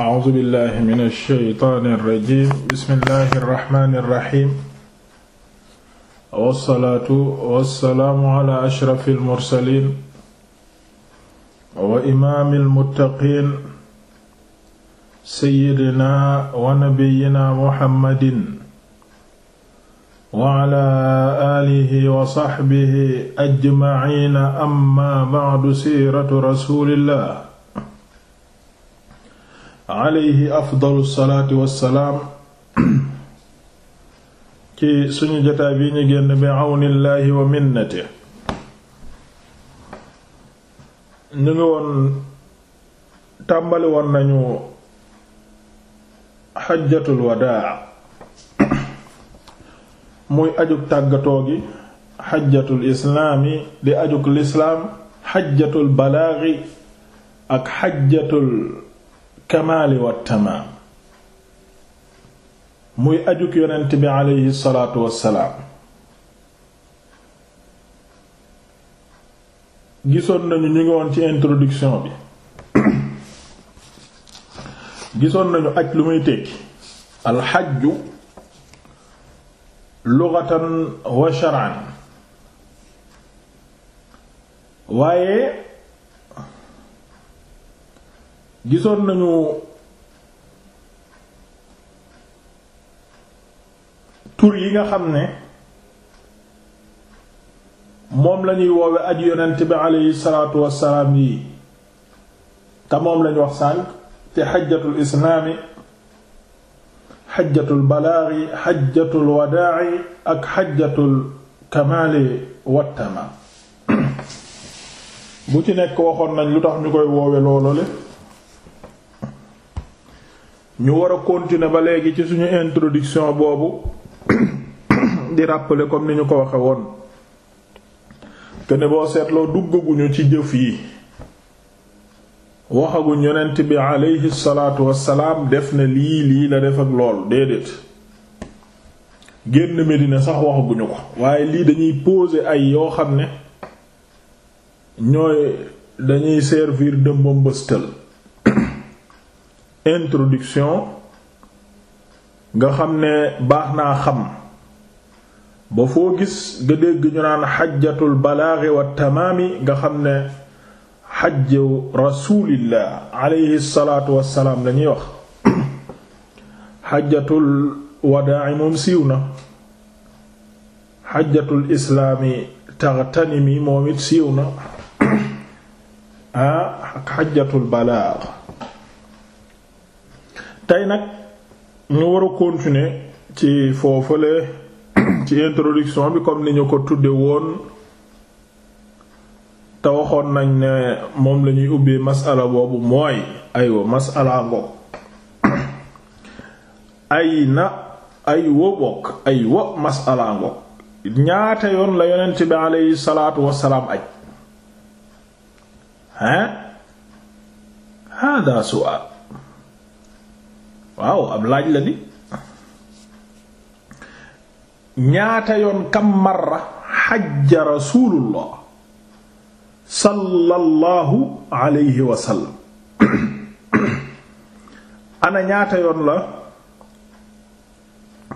a'uuzu billahi mina shaytaani rajiim bismillahi rahmaani rahiim wassalaatu wassalaamu ala ashrafil mursaliin wa imaamil muttaqiin sayyidina wa nabiyyina muhammadin wa ala aalihi wa saxbihi ajmaciina amma ba'du siiratu rasuulillah alayhi afdalu salaatu wassalaam ci suñu jotaay bi ñu génn bi àwnillaahi wa minnati ñu ngi woon tàmbali woon nañu xajjatul wadaa muy ajug tàggatoo gi xajjatul islaami di ajug lislaam xajjatul balaagi ak xajjatul kamaali wa tamaam muy ajug yonent bi aleyhi salaatu wassalaam gisoon nañu ñu ngi woon ci introduction bi gisoon nañu aj lu muy tekki alxajju lughatan wa shar'an waaye gisoon nañu tur yi nga xam ne moom lañuy woowe aju yonent bi aleyhi salaatu wassalaam yi te moom lañu wax sànq te xajjatul islaami xajjatul balaagi xajjatul wadaa'i ak xajjatul kamaali wattama bu ci nekk waxoon nañ lu tax ñu koy woowe loolole ñu war a continuer ba léegi ci suñu introduction boobu di rappeler comme ni ñu ko waxe woon ne boo seetloo duggaguñu ci jëf yi waxaguñ yonent bi aleyhi salaatu wassalaam def na lii lii la def ak lool déedéet génn Medina sax waxaguñu ko waaye lii dañuy poser ay yoo xam ne ñooy dañuy servir de mbëmbëstal introduction nga xam ne baax naa xam ba foo gis nga dégg ñu naan xajjatul balaagi wa tamaami nga xam ne xajju rasulillah alayhi salaatu wassalaam lañuy wax xajjatul wadaa moom siiw na xajjatul islaami taxtanimi moom it siiw na ah xajjatul balaag tey nag ñu war continuer ci foofale ci introduction bi comme ni ñu ko tudde woon te waxoon nañ ne moom lañuy ñuy ubbee masala boobu mooy aywa masala ngoog ay na ay wa bokk ay wa masala ngoog ñaata yoon la yonent bi aleyhi salaatu wasalaam aj ah hada su'al waaw ab laaj la di ñaata yoon kam marra xajja rasulullah sallallahu alayhi wa ana ñaata yoon la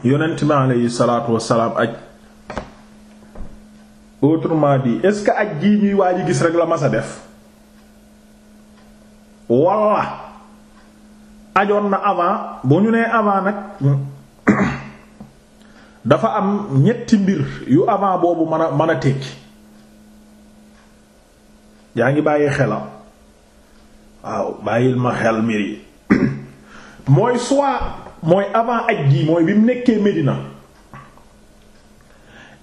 yonent bi alayhi salaatu wasalaam aj autrement dit est-ce que aj gii ñuy waaj gis rek la mas a def walla ajoon na avant boo ñu nee avant nag dafa am ñetti mbir yu avant boobu man a mën a tekki yaa ngi bàyyi xelam waaw bàyyil ma xel mbir yi mooy soit mooy avant aj gi mooy bi mu nekkee Médina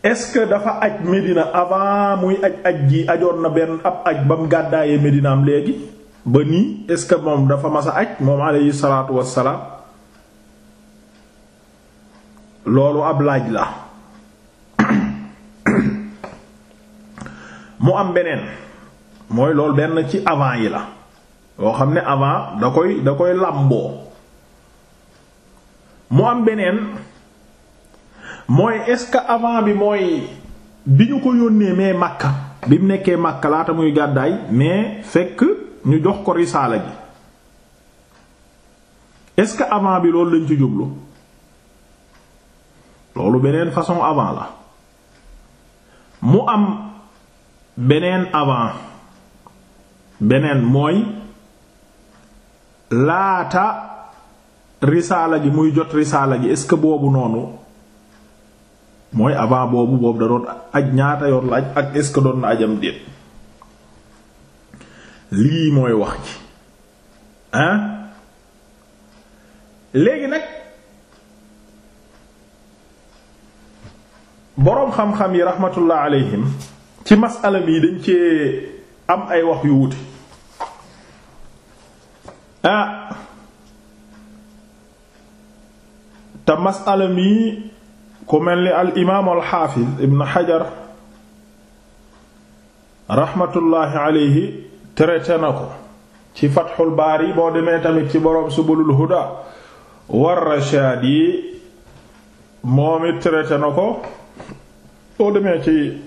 est-ce que dafa aj Médina avant muy aj aj gi ajoon na benn ab aj ba gàddaayee Médina léegi ba nii est-ce moom dafa masa a aj moom alayhi salaatu wassalaam loolu ab laaj la mu am beneen mooy loolu benn ci avant yi la yoo xam ne avant da koy da koy làmboo mu am beneen mooy est-ce que avant bi mooy bi ñu ko yónnee mais Makka bi mu nekkee Makka laata muy gàddaay mais fekk ñu jox ko risaala ji est-ce que avant bi loolu lañ ci jublu loolu beneen façon avant la mu am beneen avant beneen mooy laata risaala ji muy jot risaala ji est-ce que boobu noonu mooy avant boobu boobu da doon aj ñaata yoon laaj ak est-ce que doon na ajam déet lii mooy wax ci ah léegi nag boroom xam-xam yi rahmatullah alayhim ci masala mi dañ ci am ay wax yu wuti ah te masala mi ku mel ni al imaam al xaafiz ibn xajar rahmatullahi alayhi traité na ci Fathul Baari boo demee tamit ci boroom Subulul Huda war Rashaad yi moom it traité na boo demee ci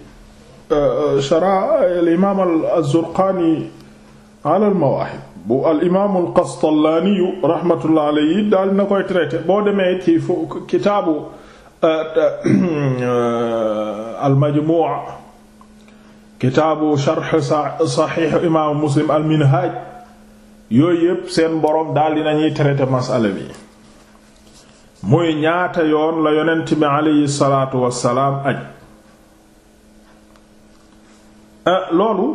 euh, euh, Shara al imaam zurqaani ala al al imaam al-Qastallaani rahmatullahi alayhi daal na traité boo demee ci kitaabu euh, al-Majmuu' kitaabu sharh saxiix imaamu muslim alminhaj yooyu yépp seen boroom dal dinañuy traité masala bi muy ñaata yoon la yonent bi aleyhi salaatu wassalaam aj eh, loolu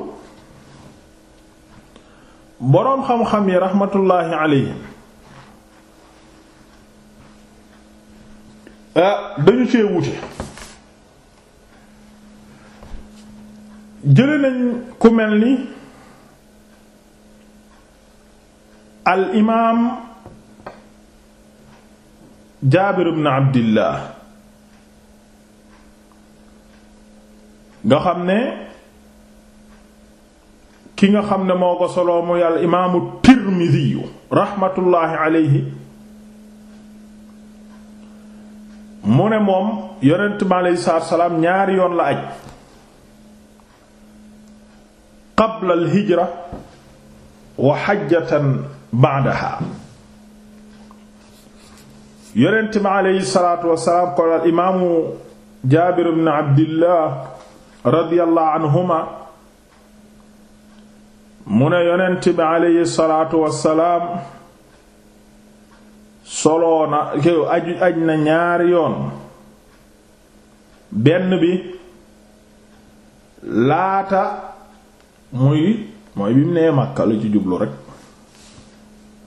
boroom xam-xam yi raxmatullaahi aleyhim eh, dañu cee wute jële nañ ku mel ni al imaam jaabir ibn abdillah nga xam ne ki nga xam ne moo ko soloo muy al imaamu tirmidiyu raxmatullaahi aleyhi mu ne moom yonent bi aleyhi salaatu salaam ñaari yoon la aj qabla alhijra wa xajjatan ba'daha yonent mi aleyhi salaatu wasalaam kon al imaamu jaabir bn abdillah radiyallahu anhuma mu ne yonent bi aleyhi salaatu wasalaam soloo na kew ñaari yoon benn bi laata muy mooy bi mu nee Makka la ci jublu rek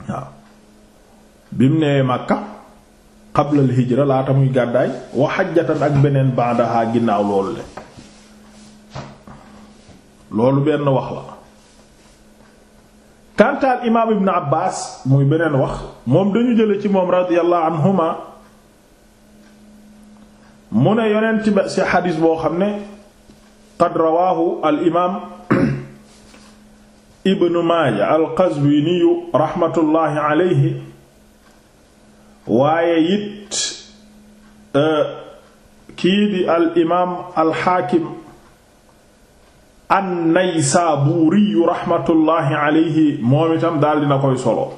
waaw bi mu nee Makka qabla al hijra laata muy gàddaay wa hajjatan ak beneen ba'daha ginnaaw loolu le loolu benn wax la kantaal imaam ibn Abbas muy beneen wax moom dañu jële ci moom radiyallahu anhuma mu ne yonent ba ci xadiis boo xam ne qad rawaahu al imaam ibnu maaja alqazwiniyu raxmatullaahi aleyhi waaye it e, kii di al imaam alxaakim an naysaabuuriyu raxmatullaahi aleyhi moom itam daal dina koy solo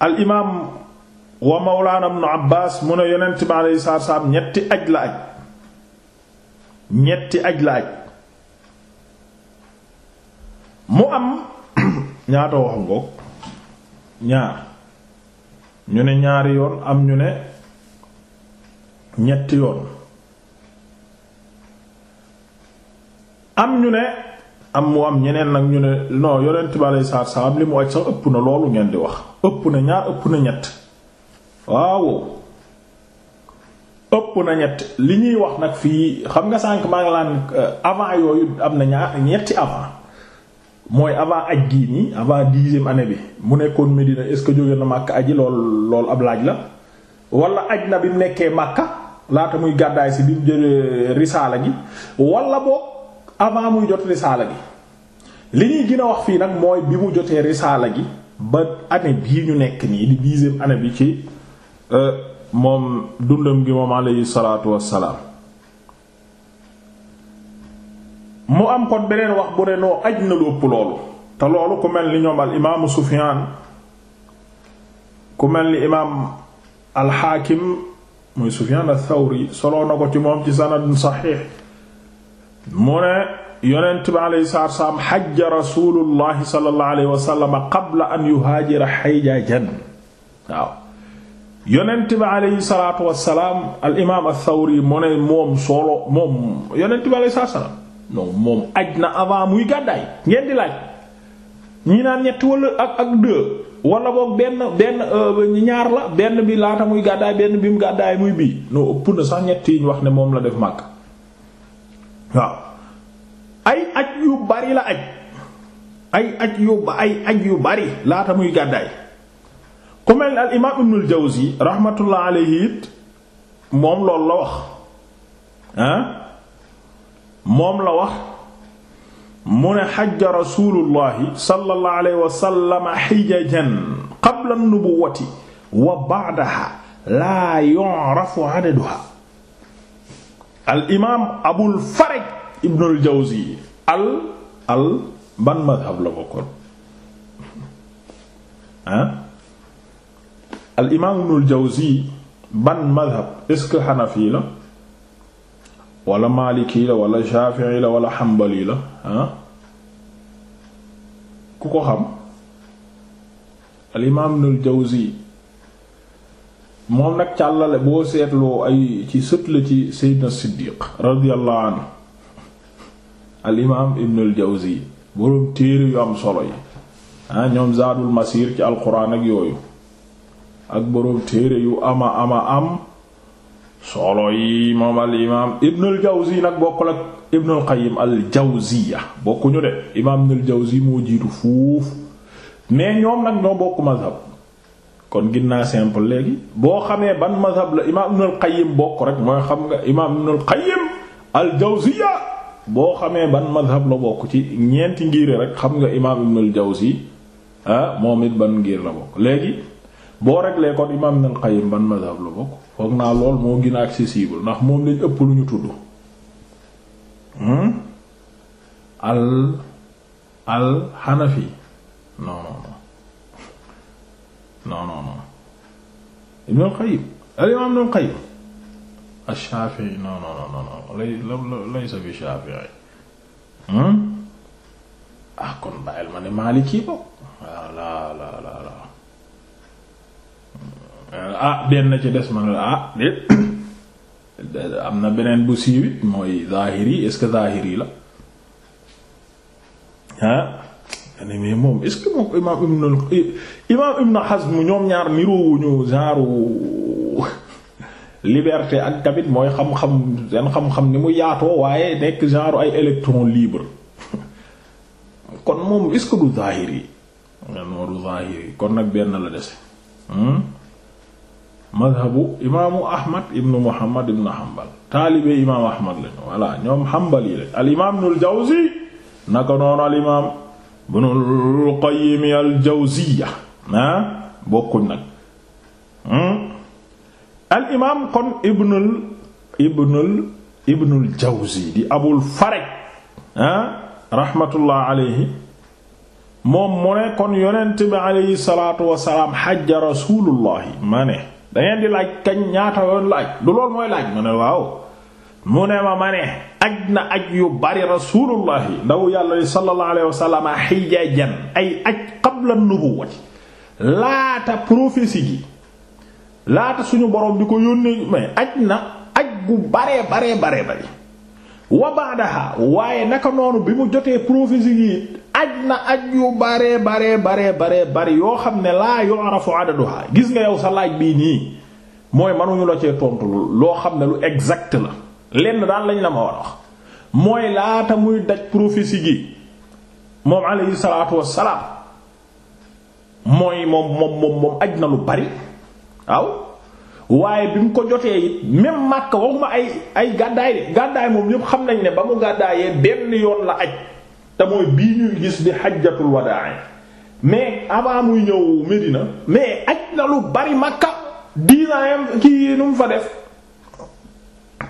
al imaam wa mawlaana ibnu abbaas mu ne yonent bi aleyhi salaatu salaam ñetti mu am ñaata wax ngoog ñaar ñu ne ñaari yoon am ñu ne ñetti yoon am ñu ne am mu am ñeneen nag ñu ne non yonent bi aleyhi salaatu li mu aj sax ëpp na loolu ngeen di wax ëpp na ñaar ëpp na ñett waaw ëpp na ñett li ñuy wax nag fii xam nga sànq maa ngi laan euh, avant yooyu am na ñaar ñetti avant mooy avant aj gii nii avant dixième année bi mu nekkoon Medina est-ce que jóge na Makka aji lool lool ab laaj la wala aj na bi mu nekkee màkka laata muy gàddaay si bi mu jëlee risaala gi wala boog avant muy jot risaala gi li ñuy gën a wax fii nag mooy bi mu jotee risaala gi ba année bii ñu nekk nii di dixième année bi ci euh, moom dundam gi moom alayhi salaatu wassalaam mu am kon beneen wax bu ne noo aj na lu loolu te loolu ku mel ni ñoom al imaamu Sufyaan ku mel ni imaam al Haakim muy Sufyaan as-Sawri soloo na ko ci moom ci sanadun saxiix mu ne yonent bi alayhi salaatu salaam xajja rasuulullahi sallallahu alayhi wa sallam qabla an yuhaajira xayjaajan al imaam as-Sawri mu moom solo moom yonent bi alayhi salaatu salaam non moom aj na avant muy gàddaay ngeen di laaj ñi naan ñett wala ak ak deux wala boog benn benn euh, ñaar la benn bi laata muy gàddaay benn bi mu gàddaay muy bii non ëpp na sax ñetti yi ñu wax ne moom la def màgg waaw ay aj yu bari la aj ay aj yu bari laata muy gàddaay ku mel al imaam ibnul jawzi rahmatullah alayhi it moom loolu la wax moom la wax mu ne xajja rasulullahi sallallahu alayhi wa sallam xijajan qabla nubuwati wa ba'daha laa yu'rafu adaduha al imaam abul faraj ibnul jawzi al al ban madhab la bokkoon ah al imaam ibnul jawzi ban madhab est-ce que xanafi la wala maliki la wala shafi'i la wala hanbali la ah? ku ko xam al imaam Ibnul Jawzi moom nag càllale boo seetloo ay ci sët la ci Seydina Siddiq radiyallahu anhu al imaam Ibnul Jawzi boroom téere yu am solo yi ah, ñoom Zaadul Masiir ci alquran ak yooyu ak boroom téere yu ama ama am solo yi moom al imaam Ibnul Jawzi nag la ak Ibnul Qayyim al Jawziya bokkuñu de imaam Ibnul Jawzi moo jiitu fuuf mais ñoom nag ñoo bokk mazhab kon ginnaa simple léegi boo xamee ban mazhab la imaam Ibnul Qayyim bokk rek mooy xam nga imaam Ibnul Qayyim al Jawziya boo xamee ban mazhab la bokk ci ñeenti ngir rek xam nga imaam Ibnul Jawzi ah moom it ban ngir la bokk léegi boo réglé kon imaam Ibnul Qayyim ban mazhab la bokk. foog naa lool moo gën a accessible ndax moom lañ ëpp lu ñu tudd hmm? al al xanafi non non non non non non Ibnul Qayyim al imaam Ibnul Qayyim ash-Shafi'i non lay laysa bi Shafi'i hmm? ah kon bàyyil ma ne Maliki bokk ah, la la la la Euh, ah benn ci des ma ah am na beneen bu siiwit mooy zahiri est-ce que zahiri la ah ne mais moom est-ce que moom imaam ibn imaam ibn ñoom ñaar niroowuñu genre liberté ak tamit mooy xam-xam seen xam-xam ni mu yaatoo waaye nekk genre ay électron libre kon moom est-ce que du zahiri yi nga zahiri kon nag benn la dese hmm? madhabu imaamu ahmad ibnu muhammad ibnu hanbal taalibe imaamu ahmad lañu ñoom hanbal yi lañ al imaam ibnul jawzi naka noonu al imaam ibnul qayyim al jawziya nag hmm? al imaam kon ibnul rahmatullah alayhi moom mu kon yonent bi alayhi salaatu wasalaam xajja rasulullahi ma da ngeen di laaj kañ ñaata yoon la aj lu loolu mooy laaj ma ne waaw mu ne ma ma ne aj na aj yu bari rasulullahi ndaw yàlla sallallahu alayhi wa sallam hijajan ay aj qabla nubuwati laata prophétie gi laata suñu borom di ko yónnee mais aj na aj gu baree baree bari wa ba'daha waaye naka noonu bi mu jotee prophétie gi aj na aj yu bare bare bare bare bari yoo xam ne laa yu'rafu adaduha gis nga yow sa laaj bii nii mooy mënuñu la cee tontu loo xam ne lu exact la lenn daan lañ la ma war mooy laata muy daj prophétie gi moom alayhi salaatu wassalaam mooy moom moom moom aj na lu bari aw waaye bi mu ko jotee it même Makka waxuma ay ay gàddaay de gàddaay moom ñépp xam nañ ne ba mu gàddaayee benn yoon la aj te bii ñuy gis di xajjatul wadaa mais avant muy ñëw Medina mais aj na lu bari Makka dix ans yam kii nu mu fa def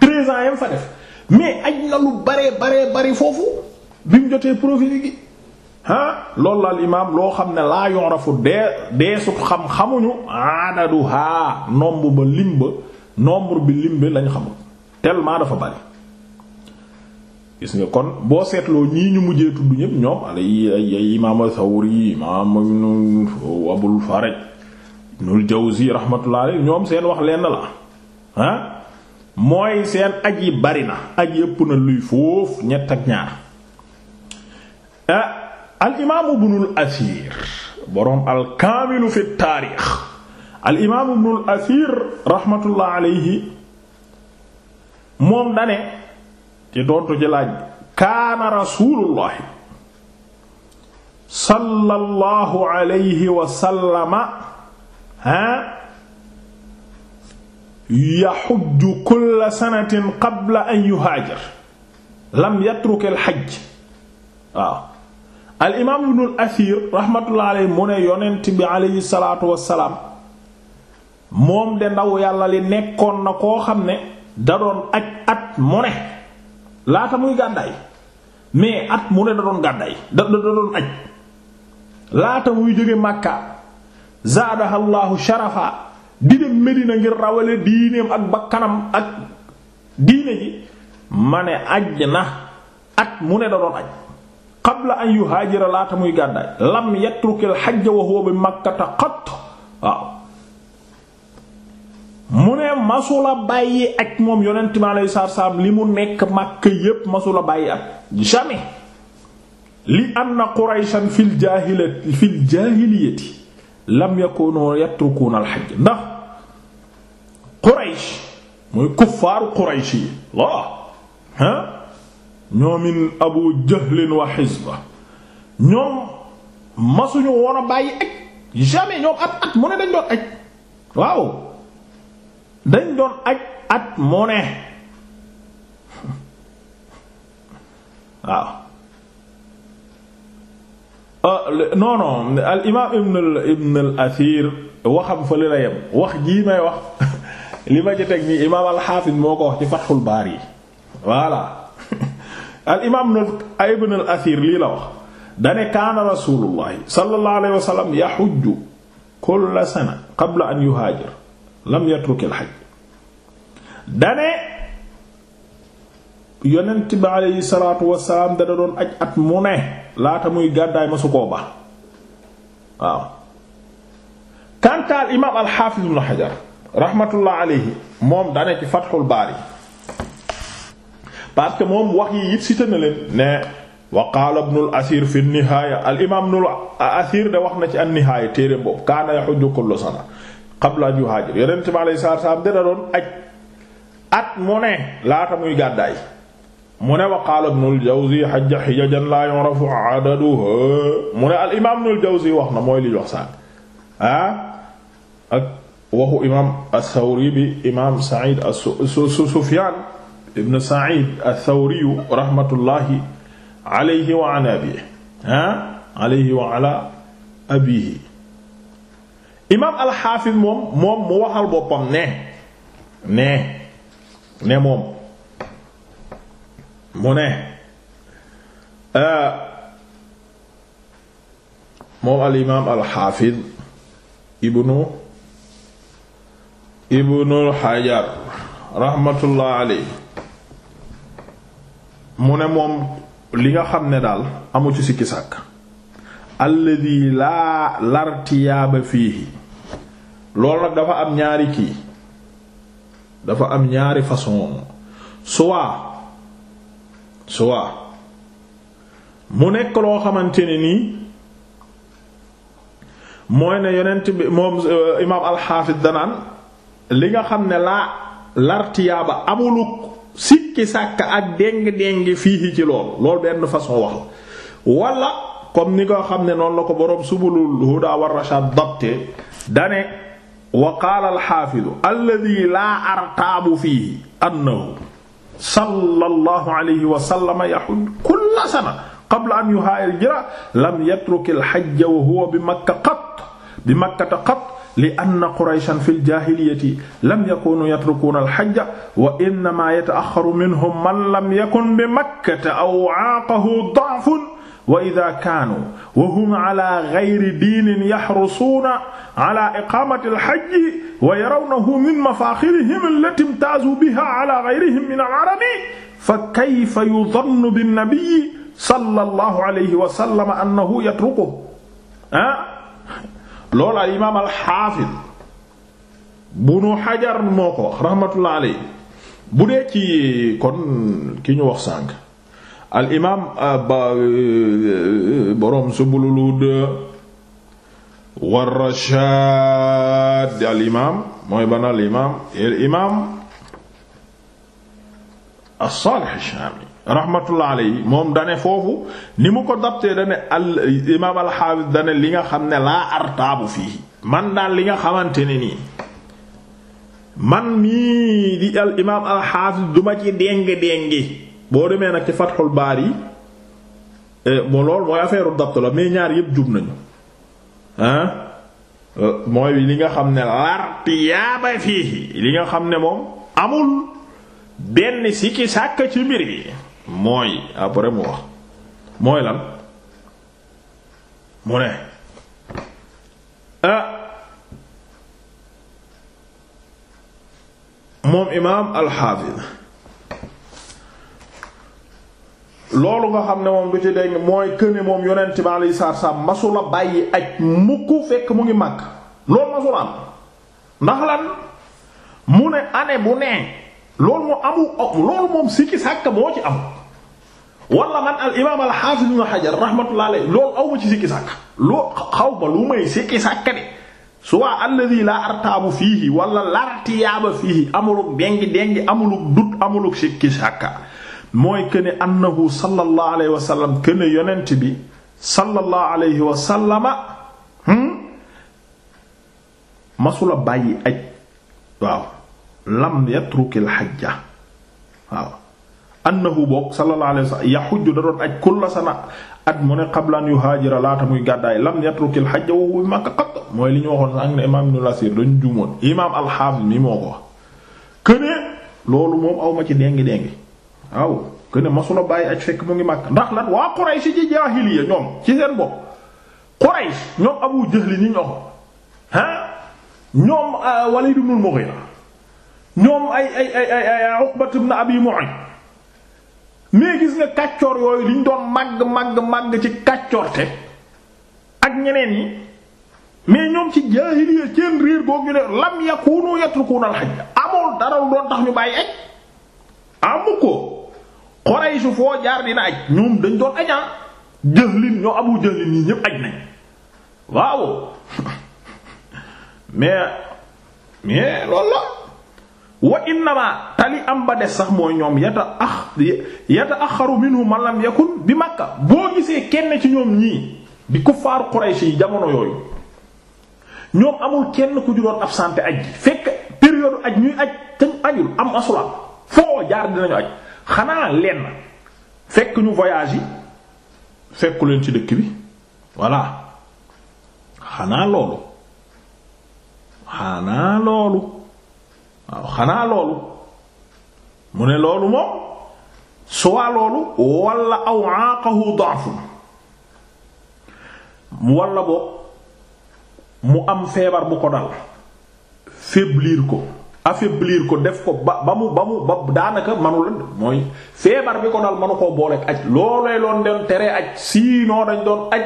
treize ans yam fa def mais aj na lu baree baree bari foofu bi mu jotee profil gi. ah loolu la imaam loo xam ne laa rafut dee deesut xam xamuñu adadu haa nombre ba limba nombre bi limbe lañ xamul tellement dafa bari gis nga kon boo seetloo ñii ñu mujjee tudd ñépp ñoom alay ay imaam Sawri imaam Abul Faraj Ibnul Jawzi rahmatullah alayhi ñoom seen wax lenn la ah mooy seen aj yi bari na aj yëpp na luy foofu ñett ak ñaar eh, al imaamu ibnul asiir boroom al kaamilu fi taarix al imaamu ibnul asiir raxmatullah alayhi moom dane ci tontu ci laaj kaana rasuulullahi sallallahu alayhi wa sallama ha yaxujju kulla sanatin qabla an yuhaajar lam yatruk al hajj waaw al imaam ibnul asiir raxmatullahi alayhi mu ne yonent bi alayhi salaatu wassalaam moom de ndaw yàlla li nekkoon na koo xam ne da doon aj at mu ne laata muy gàddaay mais at mu ne da doon gàddaay da doon aj laata muy jóge Makka zaadahallaahu sharafa di dem Medina ngir rawale diineem ak bakkanam ak diine ji ma ne aj na at mu ne da doon aj qabla an yuhaajira laata muy gàddaay lam yatrukil xajja waaw mu ne masula bàyyi ak moom yonent bi alayhi salaatu li mu nekk makka yépp masula bàyyi ak jamais li anna qurayshan fil jaahilati fil jaahiliyati lam yakunu yatrukuuna al ndax quraysh muy kuffaaru quraysh yi la ha ñoomin abu jahlin wa xisba ñoom masuñu woon a bàyyi aj jamais ñoom at at mu ne dañ doon aj waaw dañ doon aj at mu ne waaw euh, non non ibn ibn al waxam fa li la yem wax jii may wax li ma ci teg nii imaam al xaafis moo ko wax ci fathul baar yi voilà al imaam ibn lii la wax dane kaana rasulullahi sallallahu alayhi wa sallam yaxujju kulla sana qabla an yuhaajir lam yatruk al hajj dane yonent bi salaatu wasalaam dana doon aj at mu ne laata muy gàddaay masu koo ba waaw alxaafiz ibn xajar raxmatullah aleyhi moom dane ci fatxul baari parce que moom wax yi ci an nihaaya téere boobu laata muy gàddaay mu wax na mooy li wax sànq ah ak waxu imam as-sawri imam sa'id sufyan ibn Sa'id ath-Thawriyu rahmatullahi alayhi wa an abihi ah alayhi wa ala abihi imaam alxaafis moom moom mu waxal boppam ne ne ne moom mu ne euh, moom al imaam alxaafis ibnu ibnu al Hajar rahmatullah alayhi mu ne moom li nga xam ne daal amu ci sikki sàkk alladi laa lartiyaaba fiihi loolu nag dafa am ñaari kii dafa am ñaari façon soit soit mu nekk loo xamante ne nii mooy ne yonent bi moom euh, imaam alxaafis danaan li nga xam ne laa lartiyaaba amulu sikki sàkk ak déng-déng fii ci loolu loolu benn façon wax la wala ni nga xam ne noonu la ko boroom subulul huda war rashad dabte dane wa qaala alxaafidu alladi laa artaabu fiihi annahu sallallahu alayhi wa yahud kulla sana qabla an yuhaayil jira lam yatruk alxajja wa huwa bi makkata qat bi makkata qat li anna qurayshan fil jaahiliyati lam yakunu yatrukuuna alxajja wa innamaa yata'axxaru minhum man lam yakun bi makkata aw aaqahu da'fun wa idaa kaanuu wa hum alaa gayri diinin yaxrusuuna alaa iqaamati alxajji wa yarawnahu min mafaaxirihim allatii imtaazuu bihaa alaa gayrihim min al-arabi fa kayfa yuzannu bin nabiyyi sallallahu alayhi wa sallam annahu yatrukuhu ah loolu al imaam al xaafid bunu xajar moo ko wax rahmatullah aley bu dee ci kon ki ñu wax sànq al imaam euh, ba euh, boroom subulul huda war rashaad al imaam mooy ban al imaam al imaam as-Saalih ash-Shaami rahmatullah alayhi moom dane foofu ni mu ko daptee dane imaam alxaafis dane li nga xam ne laa artaabu fii man daal li nga xamante ni nii man mii di al imaam alxaafis duma ci déng-déngi boo demee nag ci Fathul Baari eh, mo lool mooy affaire dapt la mais ñaar yépp jub nañu mooy li nga xam ne lartiyaaba fii li nga xam ne moom amul benn sikki sàkk ci mbir yi mooy après ah, mu wax mooy lan mu ne ah moom imaam alxaafis loolu nga xam ne moom du ci dégg mooy këne moom yonent bi alayhi salaam masula bàyyi aj mukk fekk mu ngi màgg loolu masula ndax lan mu ne ane bu nee loolu moo amul loolu moom sikki sàkk moo ci am wala man al imaam al xaafis ibn Hajar rahmatullah alayhi loolu ci sikki sàkk loo xaw ma sikki sàkk de soit alladhi la artaabu fiihi wala lartiyaaba fiihi amuluk dengi dengi amuluk dut amuluk sikki sàkka mooy këne annahu sallallahu alayhi wa sallam këne bi sallallahu alayhi wa hmm, masula bàyyi aj waaw lam yatrukil xajja annahu boog sallallahu alayhi wa sallam yaxujju da doon aj kulla sana at mu ne qabla an yuhaajira laata muy gàddaay lam yatrukil hajja wa makka qat mooy li ñu waxoon sa ak ne imaam ibnu Lasiir dañu juumoon imaam alxaafis mi moo ko wax këne loolu moom awma ci déngi déngi waaw këne masula bàyyi aj fekk mu ngi makka ndax lan waa Quraysh ci jaahiliya ñoom ci seen bopp Quraysh ñoom Abu Jahl ni ñoo ha ñoom euh, Waliid ibnul ñoom ay ay ay ay Uqbat ibn Abi Mu'ayt mais gis nga kàccoor yooyu liñ doon màgg màgg màgg ci kàccoorte ak ñeneen yi mais ñoom ci jaahiliya seen réer boo ñu ne lam yakunu yatrukuuna al hajj amul dara lu doon tax ñu bàyyi aj amu ko Quraysh foo jaar dina aj ñoom dañ doon ajaan ah. jëhlin ñoo abu jëhlin yi ñépp aj nañ waaw mais mais loolu la wa innama tali am ba des sax mooy ñoom yata ax yata axaru minhu man lam bi makka boo gisee kenn ci ñoom ñii di kuffaaru Quraysh yi jamono yooyu ñoom amul kenn ku juróon absenté aj ji fekk période aj ñuy aj te ñu ajul am asulaam foo jaar dinañu aj xanaa lenn fekk ñu voyage yi fekku leen ci dëkk bi voilà xanaa loolu xanaa loolu waaw xanaa loolu mu ne loolu moom suwaa loolu wala aw aaqahu da'fun wala bo mu am feebar bu ko dal faiblir ko affaiblir ko def ko ba ba mu ba mu ba daanaka manu la mooy feebar bi ko dal manu koo booleeg aj loolee loon doon teree aj sinon dañ doon aj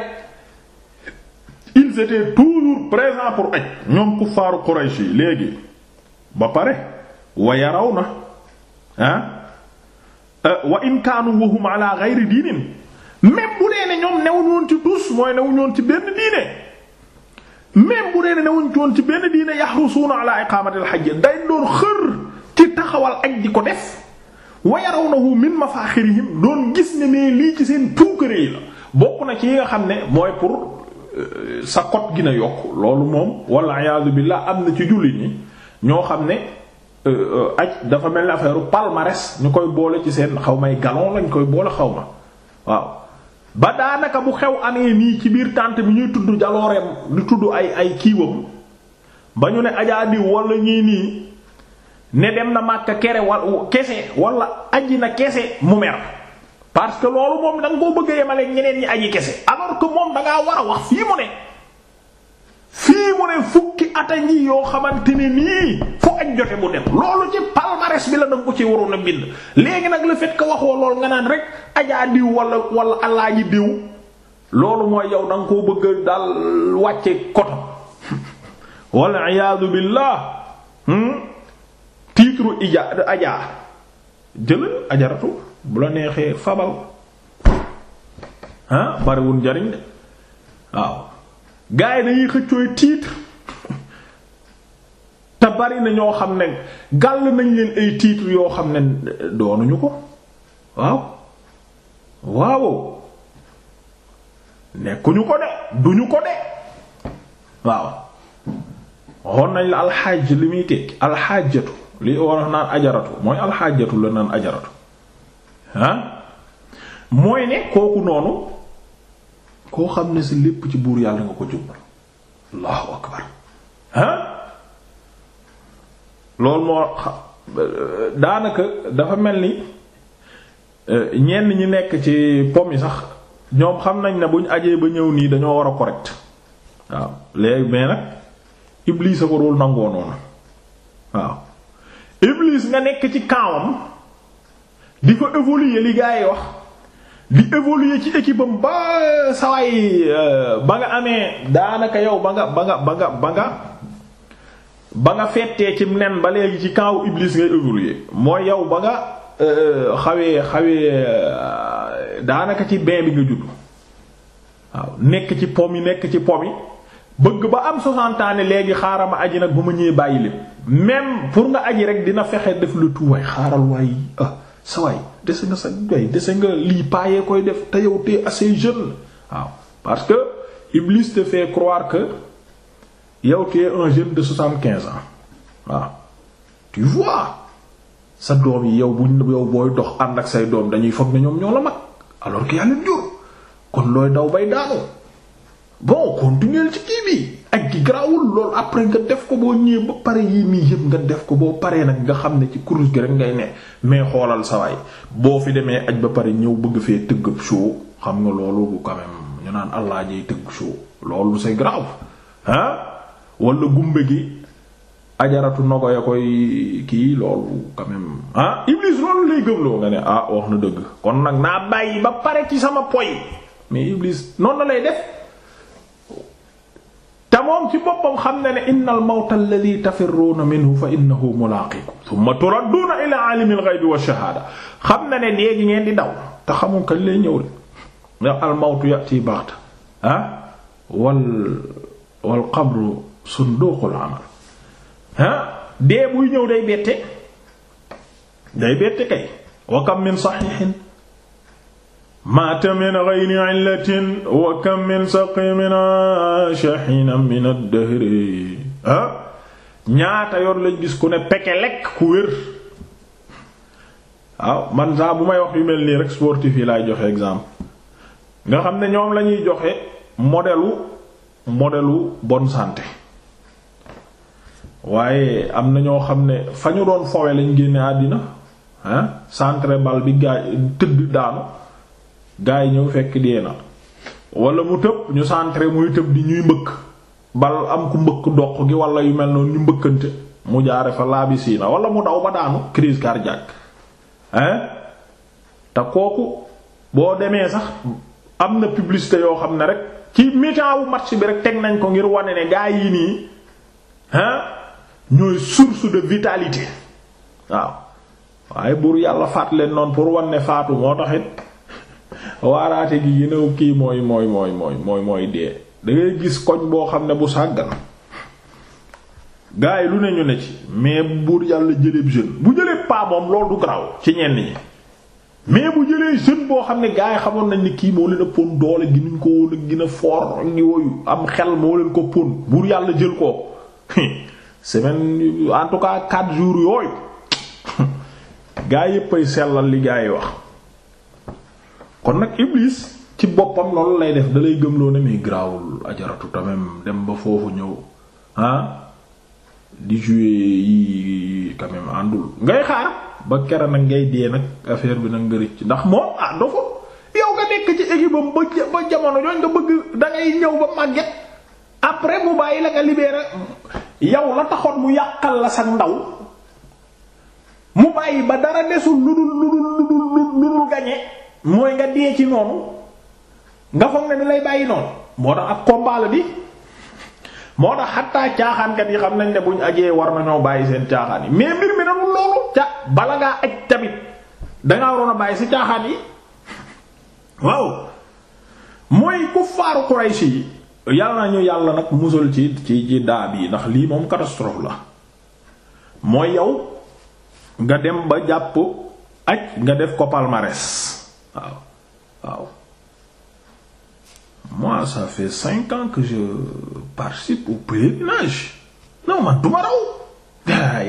ils étaient toujours présents pour aj ñoom kuffaaru Quraysh yi léegi ba pare wa yaraw na wa in kaanu wa hum ala ghayri diinin même bu dee ne ñoom newuñu woon ci tus mooy newuñu woon ci benn diine. même bu dee ne newuñu woon ci benn diine yahrusuuna ala dañ doon taxawal aj di ko def wa yarawnahu min mafaaxirihim doon gis ne mais lii ci seen puukare yi la bokk na ci yi nga xam ne mooy pour euh, sa kot gi na yokk loolu moom wal iyaadu billaah am na ci jullit ñi. ñoo xam ne euh, euh, aj dafa mel ni affaire palmarès ñu koy boole ci seen xaw may galon lañ koy boole xaw ma waaw ba daanaka bu xew amee nii ci biir tànt bi ñuy tudd jalooreem di tudd ay ay kiiwam ba ñu ne ajaa diw wala ñii nii ne dem na Makka kere wal kese wala aji na kese mu mer parce que loolu moom da nga koo bëgg a yemale ñeneen ñi aji kese alors que moom da war a wax fii mu ne fii mu ne fukki ata ñi yoo xamante ne nii fu ak jote bu dem loolu ci palmarès bi la danga ko ci waroon a bind léegi nag la fait que waxoo lool nga naan rek ajaa diw wala wala alaaji diw loolu mooy yow da ko bëgg daal wàcce koto walla iyaadu billaah hmm? titre ija ajaa jëlal ajaratu bu la neexee fabal ah bariwul njariñ de waaw gars yi dañuy xëccooy titre te bari na ñoo xam ne gàll nañ leen ay titre yoo xam ne doonuñu ko waaw waaw nekkuñu ko de duñu ko de waaw waxoon nañ la alxaaj li muy tekki alxaajatu li war naan ajaratu mooy alxaajatu la naan ajaratu ah mooy ne kooku noonu koo xam ne si lépp ci buur yàlla nga ko jubal allahu akbar ah loolu moo daanaka dafa mel ni eh, ñenn ñi nekk ci pom yi sax ñoom xam nañ ne bu ñu ajee ba ñëw nii dañoo war a correct waaw léegi mais nag Iblis a ko dul nangoo noonu waaw Iblis nga nekk ci kaawam di ko évoluer li gaa yi wax. di évoluer ci équipe am ba euh, saway euh, ba nga amee daanaka yow ba nga ba nga ba nga ba nga ba nga fettee ci nen ba léegi ci camp Iblis ngay évoluer mooy yow ba nga euh, xawee xawee daanaka ci bain bi nga judd waaw nekk ci pom yi nekk ci pom yi bëgg ba am 60 léegi xaaral ma aji nag bu ma ñëwee bàyyi lépp même pour nga aji rek dina fexe def le tout xaaral waay ah, saway dese nga sa doy dese nga lii paayee koy def te yow te assez jeune waaw parce que Iblis te fait croire que yow tu un jeune de soixante-quinze ans waaw tu vois sa doom yi yow buñ yow booy dox ànd ak say doom dañuy foog ne ñoom ñoo la mag alors que yàlla jur kon looy daw bay daanu bon continuer ci kii bi. ak gi garaawul loolu après nga def ko boo ñëwee ba pare yii mii yëpp nga def ko boo paree nag nga xam ne ci kurus gi rek ngay ne mais xoolal sa boo fi demee aj ba pare ñëw bëgg fee tëgg show xam nga loolu bu ñu naan allah jay tëgg show loolu c'est grave ah wala gumbe gi ajaratu nogo ya koy kii loolu quand même ah Iblis loolu ah, wax na dëgg kon nag naa bàyyi ba pare ci sama poy mais Iblis noonu la lay def. te moom ci boppam xam na ne innal mawta alladhi tafirruuna minhu fa innahu mulaaqikum thumma turadduuna ila aalimil ghaybi wash-shahaada xam na ne léegi ngeen di daw te xamul kañ lay ñëw de ya al mawtu ya'ti baxta ah wal wal qabru sunduuqul amal ah dee buy ñëw day bette day bette kay wa kam min sahihin maata miin ghayri illatin wa kam min saqimin shahina min ad-dahri ah ñaata yoon lañ gis ku ne peke lekk ku wér waaw man bu may wax yu mel nii rek sportif yi laay joxe exemple nga xam ne ñoom lañuy joxe modelu modelu bonne santé waaye am na ñoo xam ne fa ñu doon fowe lañ génne àddina ah centre bal bi gaay tëdd daanu gaa yi ñëw fekk dee na wala mu tëb ñu centré muy tëb di ñuy mbëkk bal am ku mbëkk doq gi wala yu mel noonu ñu mbëkkante mu jaare fa laabi siina wala mu daw ba daanu crise cardiaque hein te kooku boo demee sax am na publicité yoo xam ne rek ci météo match bi rek teg nañ ko ngir wane ne gaa yi nii hein ñooy source de vitalité waaw waaye buur yàlla faat leen noonu pour wan ne faatu moo taxit waaraate gi yénaw kii mooy mooy mooy mooy mooy mooy dee da ngay gis koñ boo xam ne bu sàggan gars yi lu ne ñu ne ci mais buur yàlla jëleeb jeune bu jëlee paa moom loolu du garaw ci ñenn ñi mais bu jëlee jeune boo xam ne gaay xamoon nañ ni kii moo leen a pon doole gi nuñ ko woon a gën a fort ak am xel moo leen ko pon buur yàlla jël ko semaine en tout cas quatre jours yooyu gars yépp ay sellal li gars yi wax kon nag iblis ci boppam loolu lay def dalay gëmloo na muy grawul ajaratu tamit dem ba foofu ñëw ah di jouer yi quand àndul ngay xaar ba kera nag ngay dee nag affaire bi nag nga rëcc ndax moom ah dafa yow nga nekk ci équipe ba ba jamono jooñ nga bëgg da ngay ñëw ba màgget après mu bàyyi la nga libéré yow la taxoon mu yàqal la sa ndaw mu bàyyi ba dara desul lu dul lu dul lu dul lu dul gañe mooy nga dee ci noonu nga foog ne ni lay bàyyi noonu moo tax ak combat la bi moo tax xattaa caaxaankat yi xam nañ ne buñ ajee war nañoo bàyyi seen caaxaan yi mais mbir mi nagul loolu ca bala ngaa aj tamit dangaa waroon a bàyyi si caaxaan yi waaw mooy kuffaaru Quraysh yi yàlla nañu yàlla nag musal ci ci daa bi ndax lii moom catastrophe la mooy yow nga dem ba jàpp aj nga def ko palmarès waaw waaw moi ça fait cinq ans que je participe au pèlerinage non man duma raw daa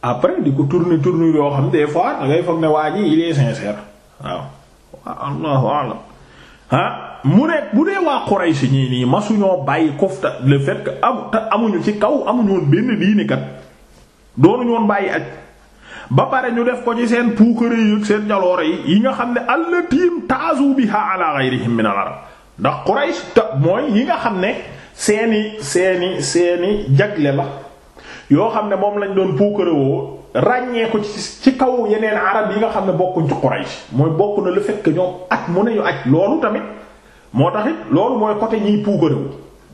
après di ko tourner tourner yoo xam des fois da ngay foog ne waa ji il est sincère waaw allahu alam ah mu ne bu dee waa Quraysh ñii nii masuñoo bàyyi kofta le fait que am amuñu ci kaw amuñu benn diini kat doonuñu bàyyi ak ba pare ñu def ko ci seen puukare yi seen jaloore yi yi nga xam ne allatim taazu biha ala ghayrihim min al arab ndax Quraysh te mooy yi nga xam ne seeni seeni seeni jagle la yoo xam ne moom lañ doon puukare woo ràññee ko ci ci kaw yeneen arab yi nga xam ne bokkuñ ci Quraysh mooy bokk na le fait que ñoom at mu ne ñu aj loolu tamit moo taxit loolu mooy côté ñiy puukare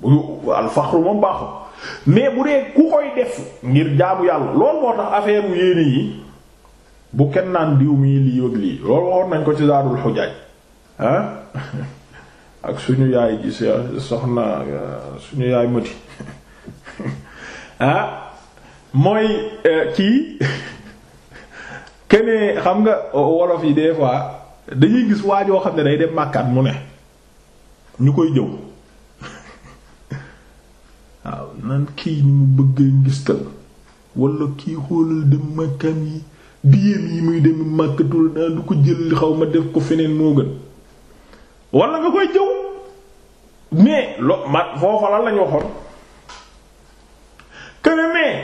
wu al faxru moom baaxul mais bu dee ku koy def ngir jaamu yàlla loolu moo tax affaire u yéene yi bu kenn naan diw mii lii wëg lii loolu waxoon nañ ko ci daarul xujaaj ah? ak suñu yaay ji soxna suñu yaay mati ah? mooy ci eh, kenee xam nga wolof yi des fois dañuy gis waa waajoo xam ne day dem màkkaat mu ne ñu koy jëw waaw nan kii ni mu bëggee ngistal wala kii xoolal dem màkkaan yi biyéem yi muy dem màkkatul naa du ko jël li xaw ma def ko feneen moo gën wala nga koy jëw mais lo ma foofa lañu waxoon kene mais